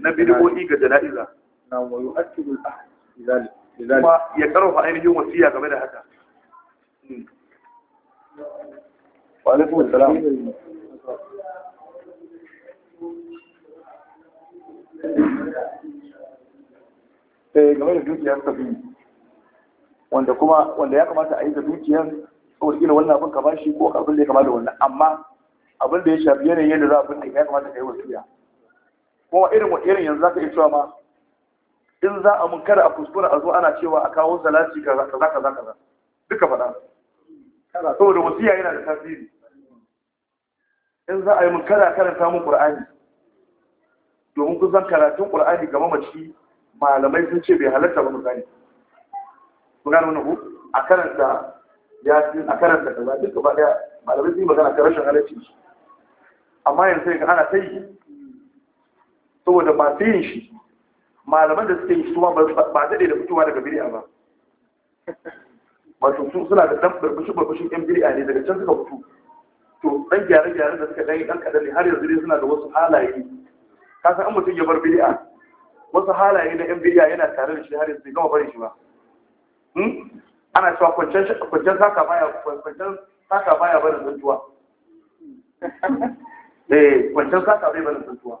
na bid'o'i ga jana'iza na wa yu'akkidu al-ahd kuma ya karfafa ainihin wasiya game da haka wa eh, game da dukiyar safi wanda kuma wanda ya kamata a yi da dukiyar saboda kila wannan abin ka bashi ko abin da ya kamata wannan amma abin da ya shafi yanayin yadda za a bin ya kamata ka yi wasiya kuma irin irin yanzu za ka iya cewa ma in za a mun kada a kuskura a zo ana cewa a kawo salati kaza kaza kaza za duka faɗa saboda wasiya yana da tasiri in za a yi mun kada karanta mun qur'ani domin kun san karatun qur'ani ga mamaci malamai sun ce bai halatta ba gani kun gane wannan ku a karanta yasin a karanta kaza duka ba daya malamai sun yi magana ta rashin halarci amma yanzu sai ana ta yi saboda masu yin shi malaman da suke yi su ba daɗe da fitowa daga biri'a ba wato su suna da ɗan barbashin barbashin yan biri'a ne daga can suka fito to ɗan gyare-gyare da suka ɗan ɗan kaɗan ne har yanzu ne suna da wasu halaye ka san an mutum ya bar biri'a wasu halaye na yan biri'a yana tare da shi har yanzu bai gama barin shi ba hmm? ana cewa kwanciyar saka baya kwanciyar saka baya barin zantuwa eh kwanciyar saka bai barin zantuwa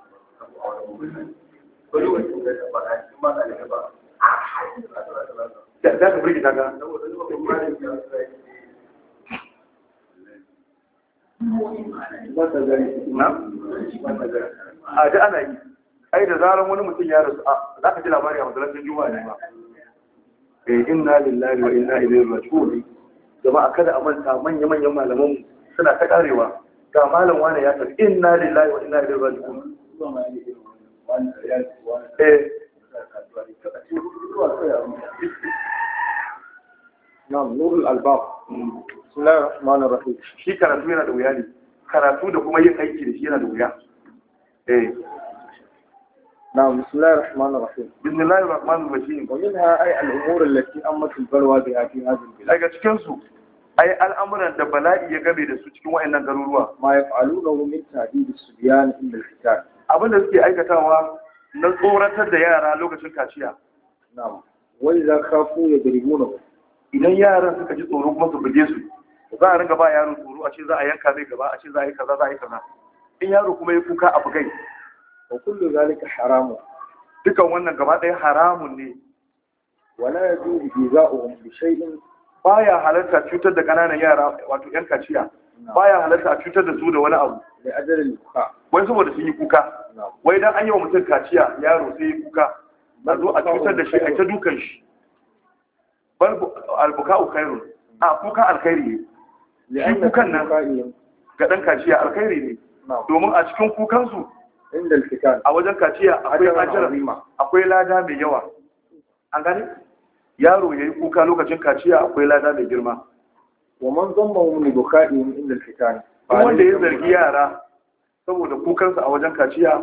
da za ka a ji ana yi ai da zarar wani mutum ya rasu a za ka ji labari a masalancin juwa ne ba eh inna lillahi wa inna ilaihi raji'un a kada abin ta manya manyan malaman suna ta karewa ga malam wane ya tafi inna lillahi wa inna ilaihi raji'un Na'am, Nurul Albab. Bismillahir Rahim. Shi karatu yana da wuya ne. Karatu da kuma yin aiki da shi yana da wuya. Eh. نعم بسم الله Wa الرحيم بسم الله الرحمن الرحيم ومنها أي الأمور التي أمت البلوى بها في هذه البلاد أي cikinsu أي al'amuran da bala'i ya gabe da su cikin wa'annan garuruwa ma da min tahdid as-subyan min al abinda suke aikatawa na tsoratar da yara lokacin kaciya na'am wani za ka fu ya ba? idan yaran suka ji tsoro kuma su buge su za a ringa ba yaro tsoro a ce za a yanka zai gaba a ce za a yi kaza za a yi kaza in yaro kuma ya kuka a bugai wa kullu zalika haramun dukan wannan gaba ɗaya haramun ne wala yajuzu jaza'uhum bi Ba baya halarta cutar da ƙananan yara wato yan kaciya baya halarta a cutar da su da wani abu da ajalin wai saboda sun yi kuka wai dan an yi wa mutum kaciya yaro sai yi kuka a zo a cutar da shi a ta dukan shi albuka ukairu a kukan alkhairi ne shi kukan nan ga dan kaciya alkhairi ne domin a cikin kukansu a wajen kaciya akwai ajiyar akwai lada mai yawa an gani yaro ya yi kuka lokacin kaciya akwai lada mai girma wa man zamba wani bukaɗi inda fitani wanda ya zargi yara saboda kukansa a wajen kaciya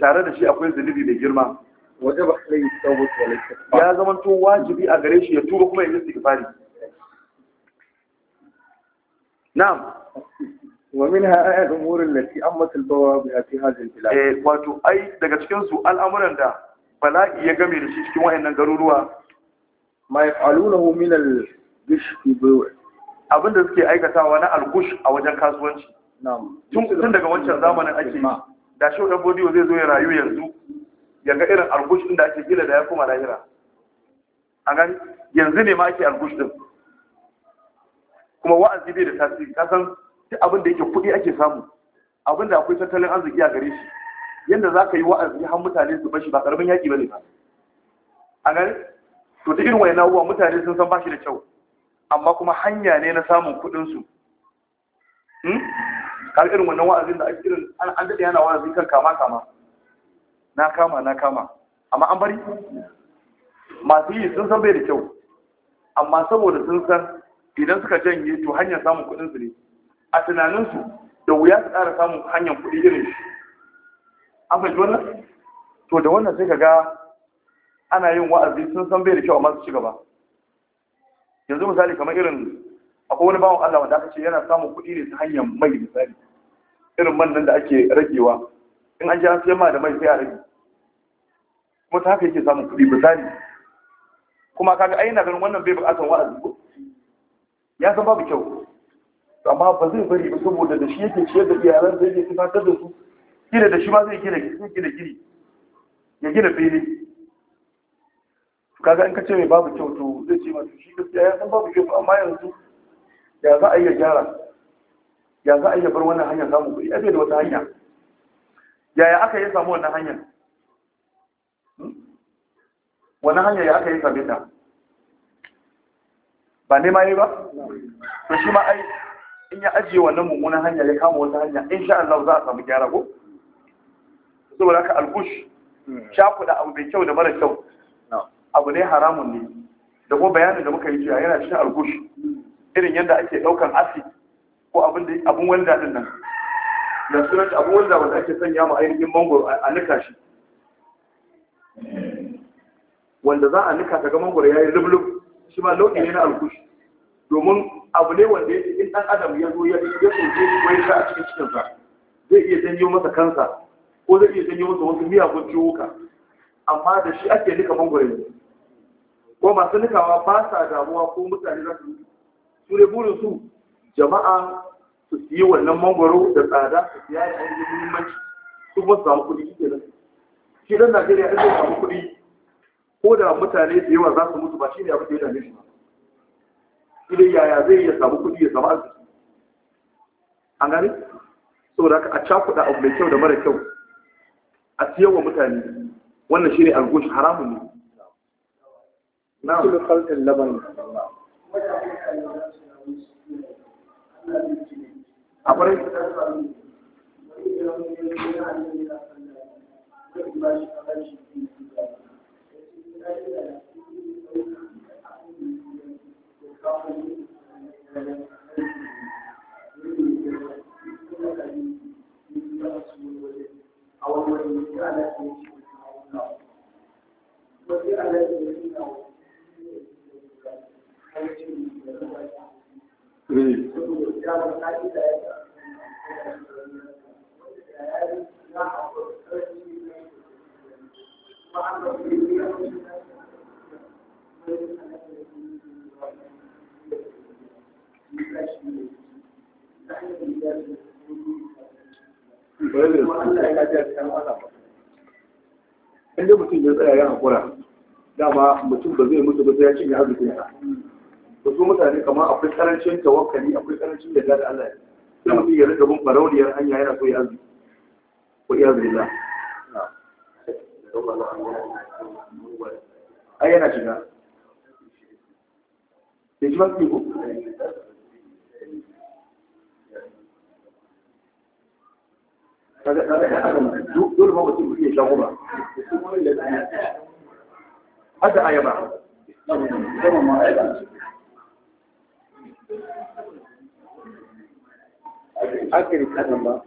tare da shi akwai zunubi mai girma waje ba ya tsawo ya zama to wajibi a gare shi ya tuba kuma ya yi istighfari na'am wa min ayat umur allati ammat al-bawa bi fi hadhihi al eh wato ai daga cikin su al'amuran da bala'i ya game da shi cikin wayannan garuruwa ma yaf'alunahu min al-gish fi abinda suke aikatawa na al a wajen kasuwanci tun daga wancan zamanin ake ma da shi ɗan bodiyo zai zo ya rayu yanzu ya ga irin argush ɗin da ake gila da ya kuma lahira a gani yanzu ne ma ake argush ɗin kuma wa'azi bai da tasiri ka san duk abin da yake kuɗi ake samu abin da akwai tattalin arziki a gare shi yadda za ka yi wa'azi har mutane su bashi ba ƙaramin yaƙi ba ne ba a gani to ta irin wayan abubuwa mutane sun san bashi da kyau amma kuma hanya ne na samun kuɗinsu hmm? kaga irin wannan wa'azin da ake irin an dade yana wa'azi kan kama kama na kama na kama amma an bari masu yi sun san bai da kyau amma saboda sun san idan suka janye to hanyar samun kuɗin su ne a tunaninsu da wuya su ƙara samun hanyar kuɗi irin shi an fahimci wannan to da wannan sai ka ga ana yin wa'azi sun san bai da kyau amma su ci gaba yanzu misali kamar irin akwai wani bawan Allah wanda aka ce yana samun kuɗi ne ta hanyar mai misali irin man nan da ake ragewa in an ji an ma da mai sai a rage kuma ta haka yake samun kuɗi misali kuma kaga ai na ganin wannan bai buƙatar wa'azi ko ya san babu kyau amma ba zai bari ba saboda da shi yake ciyar da iyalan zai yake tunatar da su gina da shi ma zai gina gina gini ya gina fili kaga in ka ce mai babu kyau to zai ce masu shi gaskiya ya san babu kyau amma yanzu ya za a iya gyara ya za a iya bar wannan hanyar samun kuɗi abe da wata hanya yaya aka yi samu wannan hanyar hmm? wannan hanyar ya aka yi same ta ba nema yi ba to shi ma ai in ya ajiye wannan mummunan hanya ya kama wata hanya in sha Allah za a samu gyara ko saboda haka Sha kuɗa abu mai kyau da mara kyau abu ne haramun ne da kuma bayanin da muka yi cewa yana cikin algush irin yadda ake ɗaukan acid ko abin walda din nan da sunan abin walda wanda ake sanya ma ainihin mangoro a nika shi wanda za a nika ta ga mangoro ya yi lublub shi ma nau'i ne na alkushi domin abu ne wanda in dan adam ya zo ya soke wai ka a cikin cikinsa zai iya janyo masa kansa ko zai iya janyo masa wasu miyagun ciwuka amma da shi ake nika mangoro ne ko masu nikawa ba sa damuwa ko mutane za su su ne burin su jama'a su siye wannan mangwaro da tsada su siya da ainihin muhimmanci su kuma samu kuɗi shi nan. shi na Najeriya in zai samu kuɗi ko da mutane da yawa za su mutu ba shi ne abin da ya dame shi ba idan yaya zai iya samu kuɗi ya samu arziki an gani saboda haka a cakuɗa abu mai kyau da mara kyau a siyan wa mutane wannan shi ne algush haramun ne na'am kullu khalqin laban akwai Thank you. ba zai mutu ba ya cinye arzikin sa ba su mutane kamar akwai karancin tawakkali akwai karancin yarda da Allah sai mutum ya rika bin barauniyar hanya yana so ya arziki ko ya zilla ai yana shiga ya ji ba su dole ma mutum ya shago ba hada ayaba gama ma ai ba ba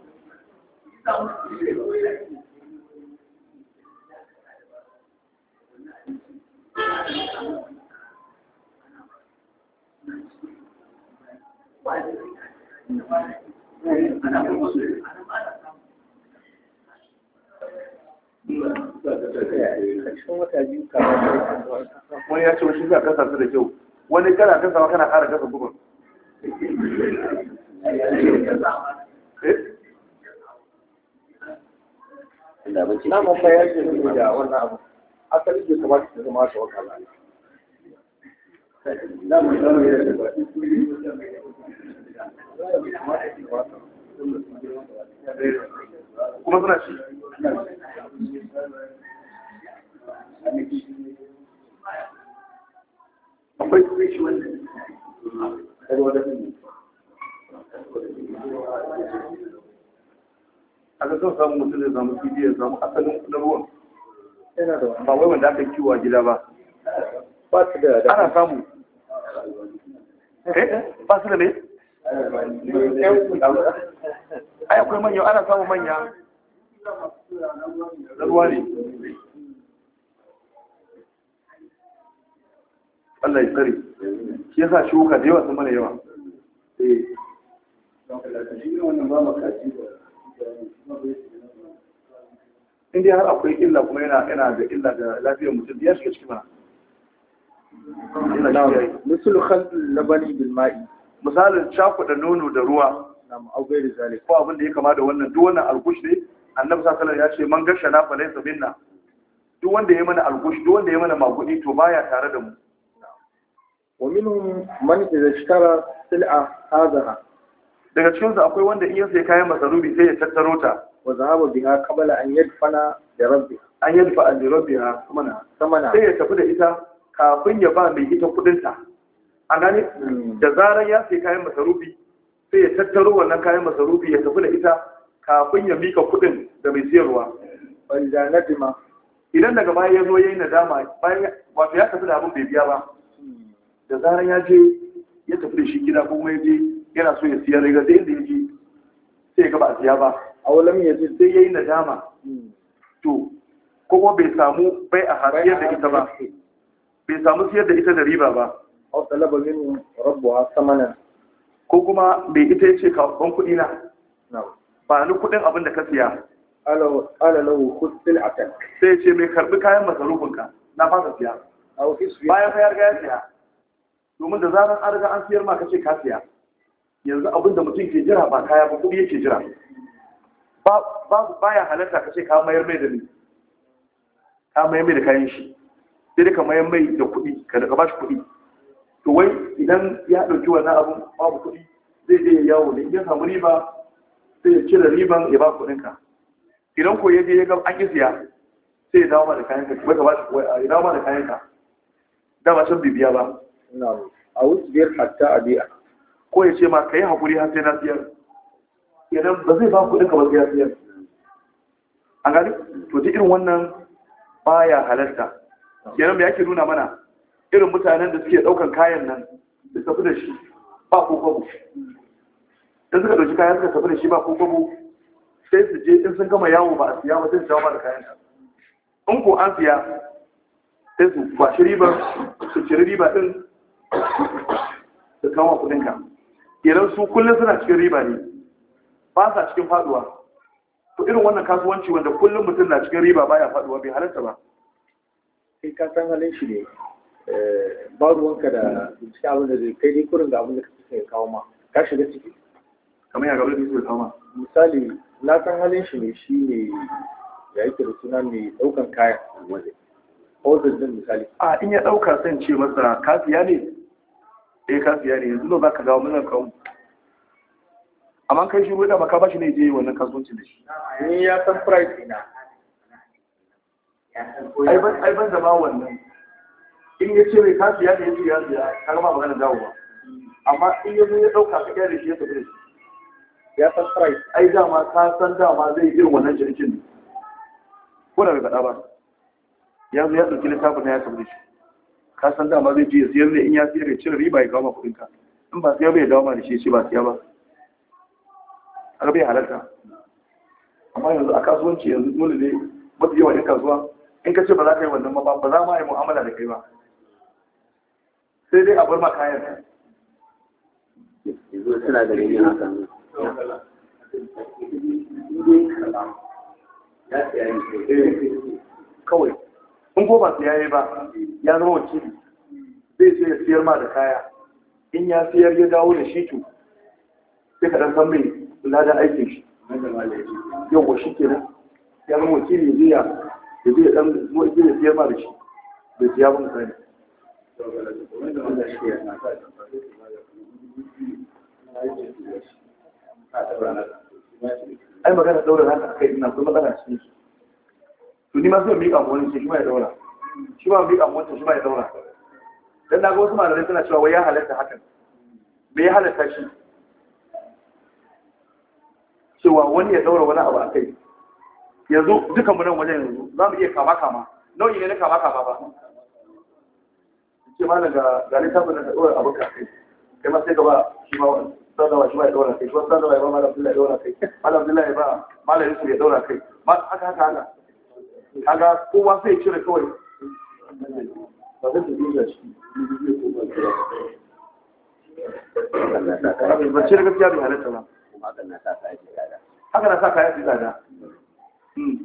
wani ya ce wani shi kasa su da kyau wani kana kasawa kana ƙara kasa gumin Naman eh? bayan da nuna da wannan abu, asali ke kamata su zama su wakala. Naman ya Kuma suna shi. ya samu kifi ya asalin kudin ruwan ba wai wanda aka kiwo a gida ba ana samu ba su da ne eh? ai akwai manya ana samun manya ruwa ne Allah ya tsari shi yasa shuka da yawa sun mana yawa eh inda har akwai illa kuma yana yana da illa ga lafiyar mutum ya shiga cikin mana misalu khalqul labani bil ma'i misalin da nono da ruwa na'am au gairi zalik ko abin da ya kama da wannan duk wannan alkush ne annabi sallallahu alaihi ya ce man gasha na fa laysa minna duk wanda ya mana alkush duk wanda ya mana magudi to baya tare da mu wa minhum man idza ishtara sil'a hadha daga cikin su akwai wanda iyansa ya kayan masarufi sai ya tattaro ta wa zahaba biha qabla an yadfana da rabbi an yadfa da rabbi samana samana sai ya tafi da ita kafin ya ba mai ita kudin a gani da zarar ya sai kayan masarufi sai ya tattaro wannan kayan masarufi ya tafi da ita kafin ya mika kudin da mai siyarwa wanda nadima idan daga baya ya zo yayin nadama bayan wato ya tafi da abin bai biya ba da zarar ya je ya tafi da shi gida kuma ya je yana so ya siya daga zai inda ya je sai ya gaba a siya ba A lam yazid sai yayi nadama hmm. to kuma bai samu bai a hasiyar da ita ba bai samu siyar da ita da riba ba aw talaba min rabbuha samana ko kuma bai ita yace ka ban kuɗi na ba ni kuɗin abin da ka siya ala lahu khudh sil'atan sai ce mai karbi kayan masarufinka na fasa siya bayan ka yarga ya siya domin da zarar an riga an siyar ma kace ka siya yanzu abin da mutum ke jira ba kaya ba kuɗi yake jira Ba ya halatta ka ce ka mayar mai da ni ka mayar mai da kayan shi sai ka mayar mai da kuɗi ka daga ba shi kuɗi to wai idan ya ɗauki wannan abun babu kuɗi zai je ya yawo ne ya samu riba sai ya cire riban ya ba kuɗinka idan ko ya je ya ga an ƙi siya sai ya dawo ma da kayan ka kuma ka ba shi ya dawo ma da kayan ka da ba san bibiya ba a wuce biyar hatta a biya ko ya ce ma ka yi haƙuri har sai na siyar idan ba zai ba ku duka ba zai ya siyar a gani to duk irin wannan baya halarta kenan me yake nuna mana irin mutanen da suke daukan kayan nan da tafi da shi ba ko kwabo da suka dauki kayan suka tafi da shi ba ko sai su je in sun gama yawo ba a siya ba sai su dawo ba da kayan in ko an siya sai su ba shi riba su ciri riba din su kama ka kenan su kullum suna cikin riba ne ba sa cikin faduwa to irin wannan kasuwanci wanda kullum mutum na cikin riba baya faduwa bai halarta ba sai ka san halin shi ne eh, ba ruwanka da cikin abin da zai kai dai kurin da abin da kake kawo ma ka shiga ciki kamar ya gaba da su kawo ma misali na san halin shi ne shi ne ya yake da suna mai daukan kayan waje hozin din misali a in ya dauka san ce masa kafiya ne eh kafiya ne yanzu ba za ka gawo mana kawo amma kai shi da baka bashi ne je wannan kasuwancin da shi ni ya san price ina ai ban ai ban da ma wannan in ya ce mai kasu ya da ya ya ya ka gama magana ba. amma in ya zo ya dauka ka kyale shi ya tafi da shi ya san price ai dama ka san dama zai irin wannan jirgin ne ko da faɗa ba ya zo ya ɗauki littafin ya tafi da shi ka san dama zai je ya siyar ne in ya siyar ya cire riba ya kawo ma ka in ba siyar bai dawo ma da shi ya ce ba siya ba har bai halarta amma yanzu a kasuwanci yanzu dole ne mafi yawa yan kasuwa in ka ce ba za ka yi wannan ba ba za ma yi mu'amala da kai ba sai dai a bar ma kayan yanzu suna da gani haka kawai in ko ba su yayi ba ya zama wakili zai so ya siyar ma da kaya in ya siyar ya dawo da shi to sai ka dan san mai da aikin shi yawwa shi ke nan ya zama wakili biya da zai dan wakili ya biya ma da shi da biya ba mutane ai magana daura haka kai ina kuma matsala cikin su to ni ma zai miƙa mu wani shi ma ya daura shi ma miƙa mu wancan shi ma ya daura dan na ga wasu malamai suna cewa wai ya halatta hakan me ya halatta shi cewa wani ya daura wani abu a kai yanzu dukan mu nan wajen yanzu za mu iya kama kama nau'i ne na kama kama ba ce daga ga daura abu ka kai kai ma sai gaba shi ma sadawa shi ma ya daura kai shi sadawa ya ba malam abdullahi ya daura kai malam ba malam yusuf ya daura kai haka haka haka kaga kowa sai cire kawai ba cire gaskiya bai halatta ba hakan sa kaya su tsada haka na sa kaya su tsada hmm.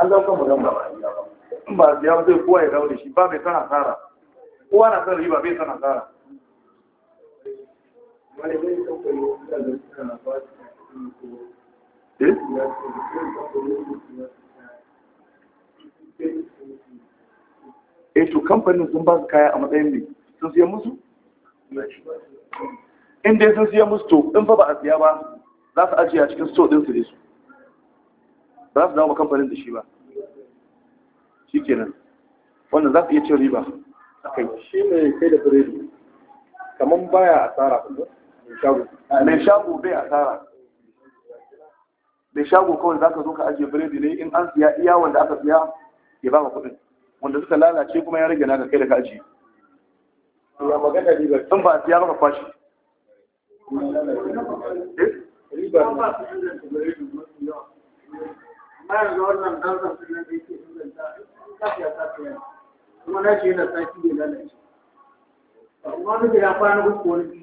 an daukan mu gamba ba da yawa zai kowa ya dawo shi ba mai san asara kowa na san riba bai san asara eh eh to kamfanin sun ba su kaya a matsayin ne sun siya musu in sun siya musu to in fa ba a siya ba za su ajiye a cikin store din su ne su ba su dawo ba kamfanin da shi ba shi kenan wannan za su iya cin riba a kai shi ne kai da biredi kamar baya asara kuma mai shago bai asara mai shago kawai za ka zo ka ajiye biredi ne in an siya iya wanda aka siya ya baka kuɗin wanda suka lalace kuma ya rage na ka kai da ka ajiye ya magana riba sun ba ya maka kwashi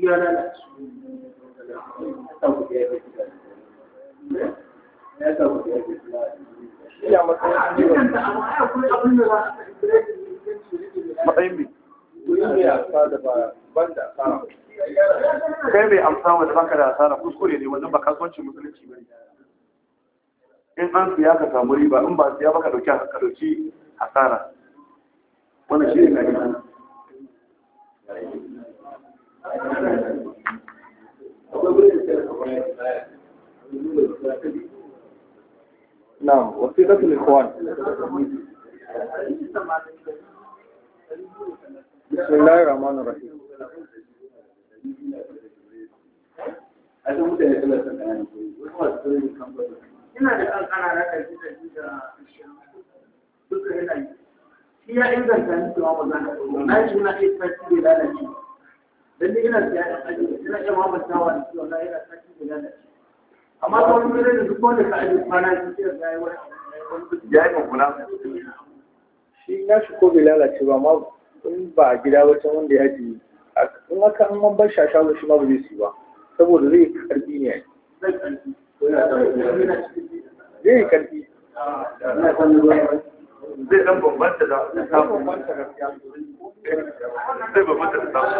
ya ya bi kai mai amsa wanda baka da asara kuskure ne wannan ba kasuwancin musulunci ba in an siya ka samu riba in ba siya baka dauki ka dauki asara wannan shi ne kai نعم وثيقة الإخوان bismillahir rahmanir rahim a da da shi da shi shi shi da da da da da shi shi shi in ba a gida ba can wanda ya ji in haka an man bar shashago shi ma ba zai su ba saboda zai karfi ne zai karfi zai dan bambanta da samun zai bambanta da samun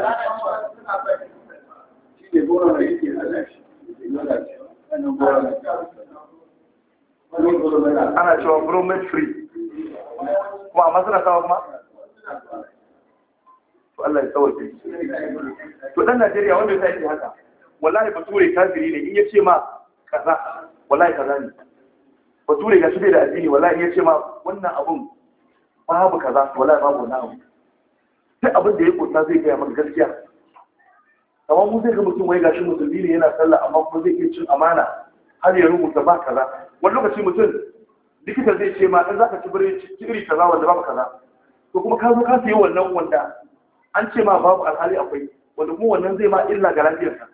shi ne gora da yake ana cewa gourmet free kuma a suna sawa kuma to Allah ya tsawace to dan Najeriya wanda ya sai haka wallahi bature kafiri ne in ya ce ma kaza wallahi kaza ne bature ga shi bai da addini wallahi ya ce ma wannan abun babu kaza wallahi babu wannan abu Sai abin da ya kota zai gaya maka gaskiya kamar mu zai ga mutum wai gashi musulmi ne yana sallah amma kuma zai iya cin amana har ya rubuta ba kaza wani lokaci mutum likita zai ce ma za ka ci birni ci iri kaza wanda babu kaza to kuma ka zo ka sayi wannan wanda an ce ma babu alhali akwai wanda kuma wannan zai ma illa ga lafiyarsa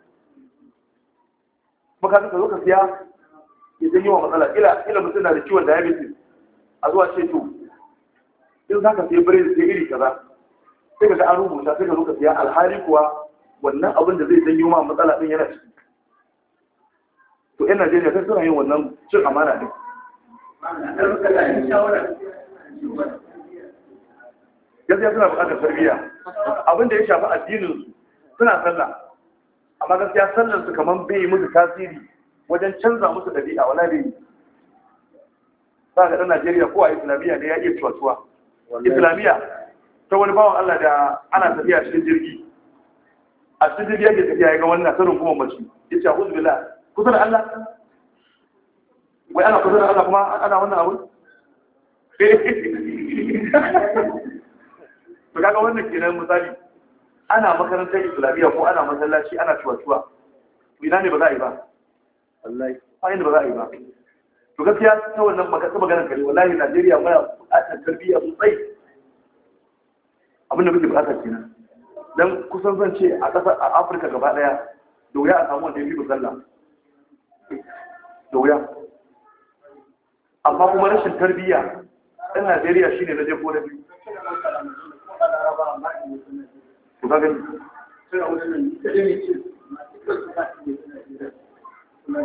kuma ka zo ka siya ya yi wa matsala ila ila mutum na da ciwon diabetes a zuwa ce to in za ka siya biredi sai iri kaza sai ka ga an rubuta sai ka zo ka siya alhali kuwa wannan abin da zai janyo ma matsala din yana ciki to yan Najeriya sai suna yin wannan cin amana din gaskiya suna buƙatar tarbiyya abin da ya shafi addinin su suna sallah amma gaskiya sallar su kaman bai musu tasiri wajen canza musu ɗabi'a wala bai za ga ɗan Najeriya ko a Islamiyya ne ya iya tuwatuwa Islamiyya ta wani bawan Allah da ana tafiya cikin jirgi a cikin jirgi yake tafiya ya ga wannan sanin kuma mace ya ce a'udhu billah kusa Allah wai ana kusa Allah kuma ana wannan abu to kaga wannan kenan misali ana makarantar islamiyya ko ana masallaci ana tuwa-tuwa ina ne ba za a yi ba wallahi ainihin ba za a yi ba to gaskiya ta wannan makasa maganar kare wallahi najeriya muna buƙatar tarbiyya sosai abinda muke buƙatar kenan dan kusan zan ce a kasar a afirka gaba ɗaya da wuya a samu wanda ya fi musalla da wuya amma kuma rashin tarbiyya ɗan najeriya shine na jefo na biyu to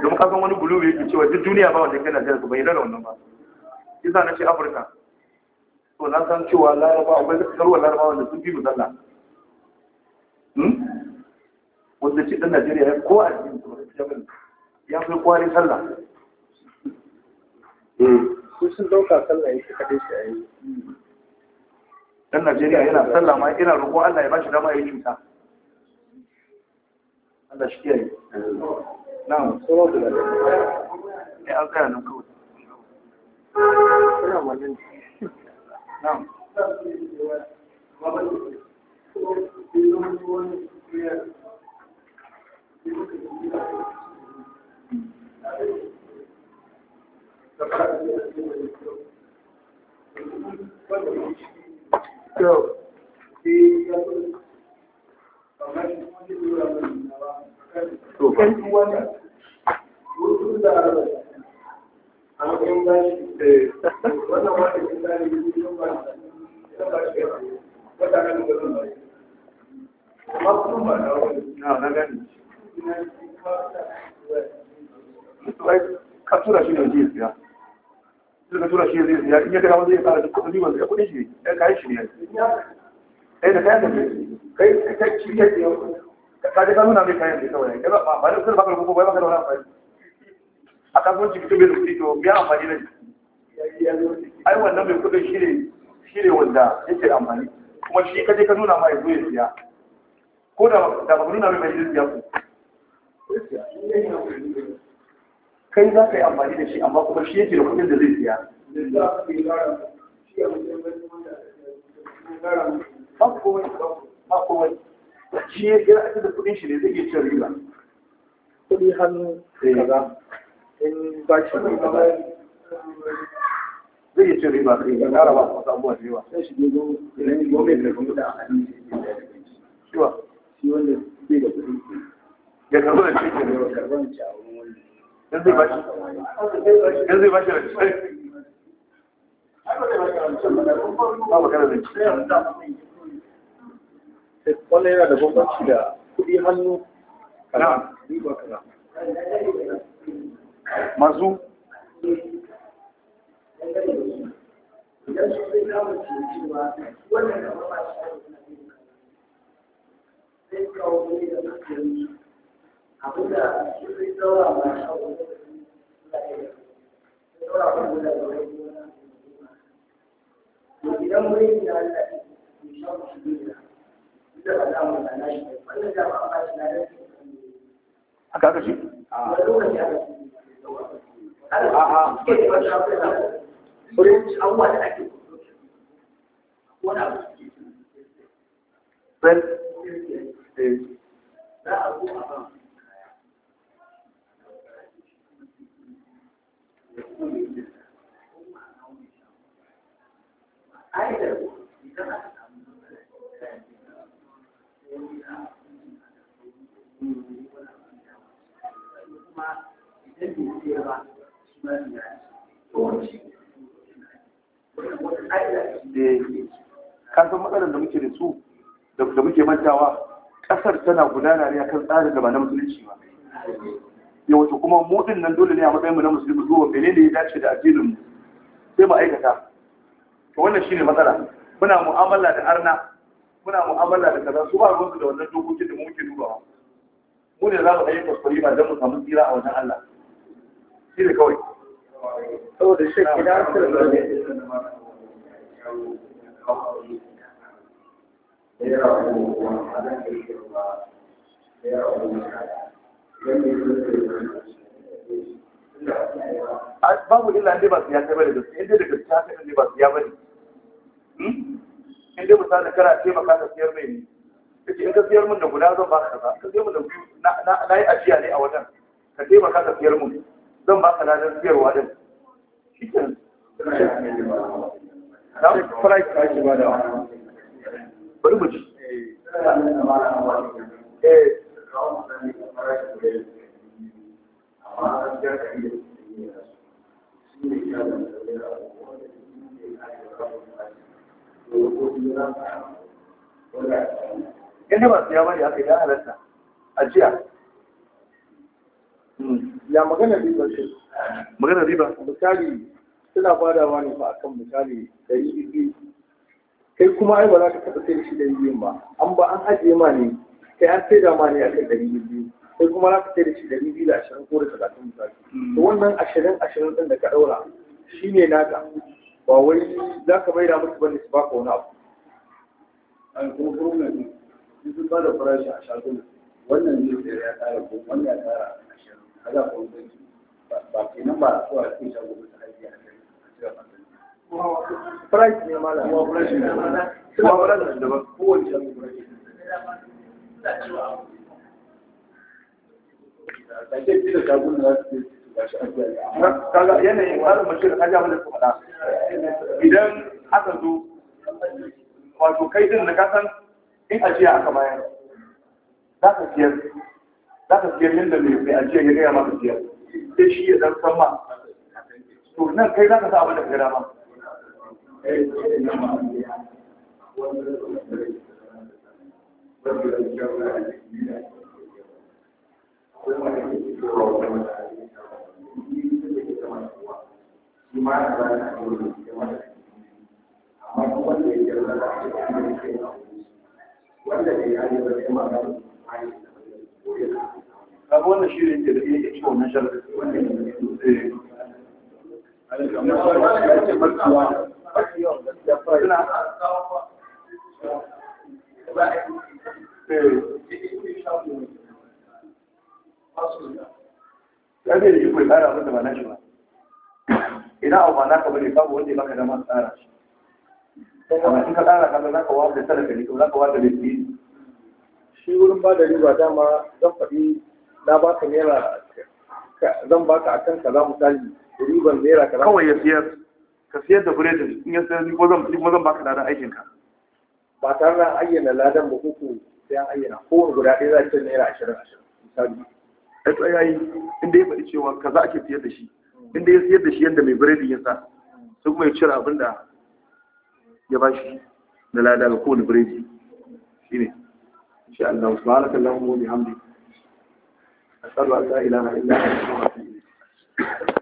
don ka san wani bulu yake cewa duk duniya ba wanda kana da su bai da wannan ba isa na ce afirka to na san cewa laraba akwai garwa laraba wanda sun fi musalla hmm? wanda ce dan najeriya ya ko a cikin su ya fi kwari sallah sun dauka ya yake kaɗai shi a yi dan Najeriya yana sallah ma yana roƙon Allah ya bashi dama ya yi cuta Allah shi kiyaye tsoro da eh, an nan kawai Thank you. Ka tura shi ne jiya. suka tura shi ya zai fara duk kudi wanda ya kudi shi ya kai shi ne eh, da kayan da kai kai shi ya ce ka mai kayan da kawai ya ba ba da wani amfani a kasuwanci bai to biya amfani shi ai wannan mai kudin shi ne shi ne wanda yake amfani kuma shi ka je ka nuna mai siya ko da ba nuna mai siya ko kai za ka yi amfani da shi amma kuma shi yake da kuɗin da zai siya ba kowai ba kowai shi ya kira da kuɗin shi ne zai iya cin riba kuɗi hannu eh. kaza in ba shi ne kaza zai iya cin riba sai ya ƙara ba wasu abubuwa da yawa sai shi ne gwamnati da gwamnati a hannun shi wanda bai da kuɗi ya karɓi da cikin dan bashi dan zai bashi ba da wannan yana da bambanci da kuɗi hannu kana riba wannan abinda shi zai daura ma shawo daura ma da wani gona na da shi shawo shi ne da ba za mu na shi wannan da ba shi da aka aka shi a lokaci aka a a ke da wata abu da wurin abubuwa da ake wani abu Friend, eh. Za a zo a ba kasan matsalar da muke da su da muke mantawa ƙasar tana gudana ne kan tsarin da ba na musulunci ba yawace kuma mu nan dole ne a matsayin mu na musulmi zuwa bene ne ya dace da addinin mu sai mu aikata to wannan shine matsala muna mu'amala da arna muna mu'amala da kaza su ba ruwansu da wannan dokokin da muke dubawa mu ne za mu ɗaya kwaskwari ba don mu samu tsira a wajen Allah shi ne kawai saboda shi gida da ya ya babu illa inda ba su ya kai da su inda da gaske haka inda ba su ya bane hmm? inda misalin kana taimaka ka siyar mai ne kace in ka siyar min da guda zan baka kaza ka siyar min da biyu na yi ajiya ne a wajen ka taimaka ka siyar mun, zan baka ladan siyarwa din shikenan da price ka ci ba da bari mu ji eh in ba su ya bari da ya halatta ajiya hmm. ya magana riba ce magana riba misali suna badawa ne ba akan misali dari biyu kai kuma ai ba za ka taɓa kai shi dari biyun ba an ba an ajiye ma ne kai an sai da ma ne akan dari biyu sai kuma za ka sai da shi ɗari biyu da ashirin ko da talatin misali to wannan ashirin ashirin ɗin da ka ɗaura shi ne naka ba wai za ka maida musu bane su baka wani abu an kuma gwamnati sun su ba da farashi a shagunan wannan ne da ya tsara ko wannan ya tsara ashirin a za ka wani ba ke nan ba a so a cikin shagunan ta aiki a cikin price ne mala kuma price ne mala kuma price ne daban kowace shagunan price ne yanayin tsarin mace da kaja mana su faɗa idan aka zo wato kai din na kasan in ajiya aka bayan, za ka siyar za ka siyar yadda mai ajiya ya gaya maka siyar sai shi ya dan san ma to nan kai za ka sa abin da ka gada ma Thank you. abu wannan shi ne ke da Thank you. Eh. Eh. ya bai da iko ya tsara abin da ba na shi ba idan abu ba na ka bane babu wanda ya baka dama tsara shi kuma in ka tsara ka za ka wawa da talaka ne za ka wawa da lissi shi wurin ba da riba dama zan faɗi na baka naira zan baka akan kaza misali riban naira kaza kawai ya siyar ka siyar da buredin in ya siyar ni ko zan ka ladan aikin ka ba tare da ayyana ladan ba ko ko sai an ayyana kowane guda ɗaya za a ce naira ashirin ashirin misali ai tsaya yi inda ya faɗi cewa kaza ke siyar da shi inda ya siyar da shi yadda mai biredi ya sa sai kuma ya cire abin da ya ba shi na lada ga kowane biredi shi ne shi Allah su ba halakan lahun mu bihamdi أسأل أن لا إله إلا أنت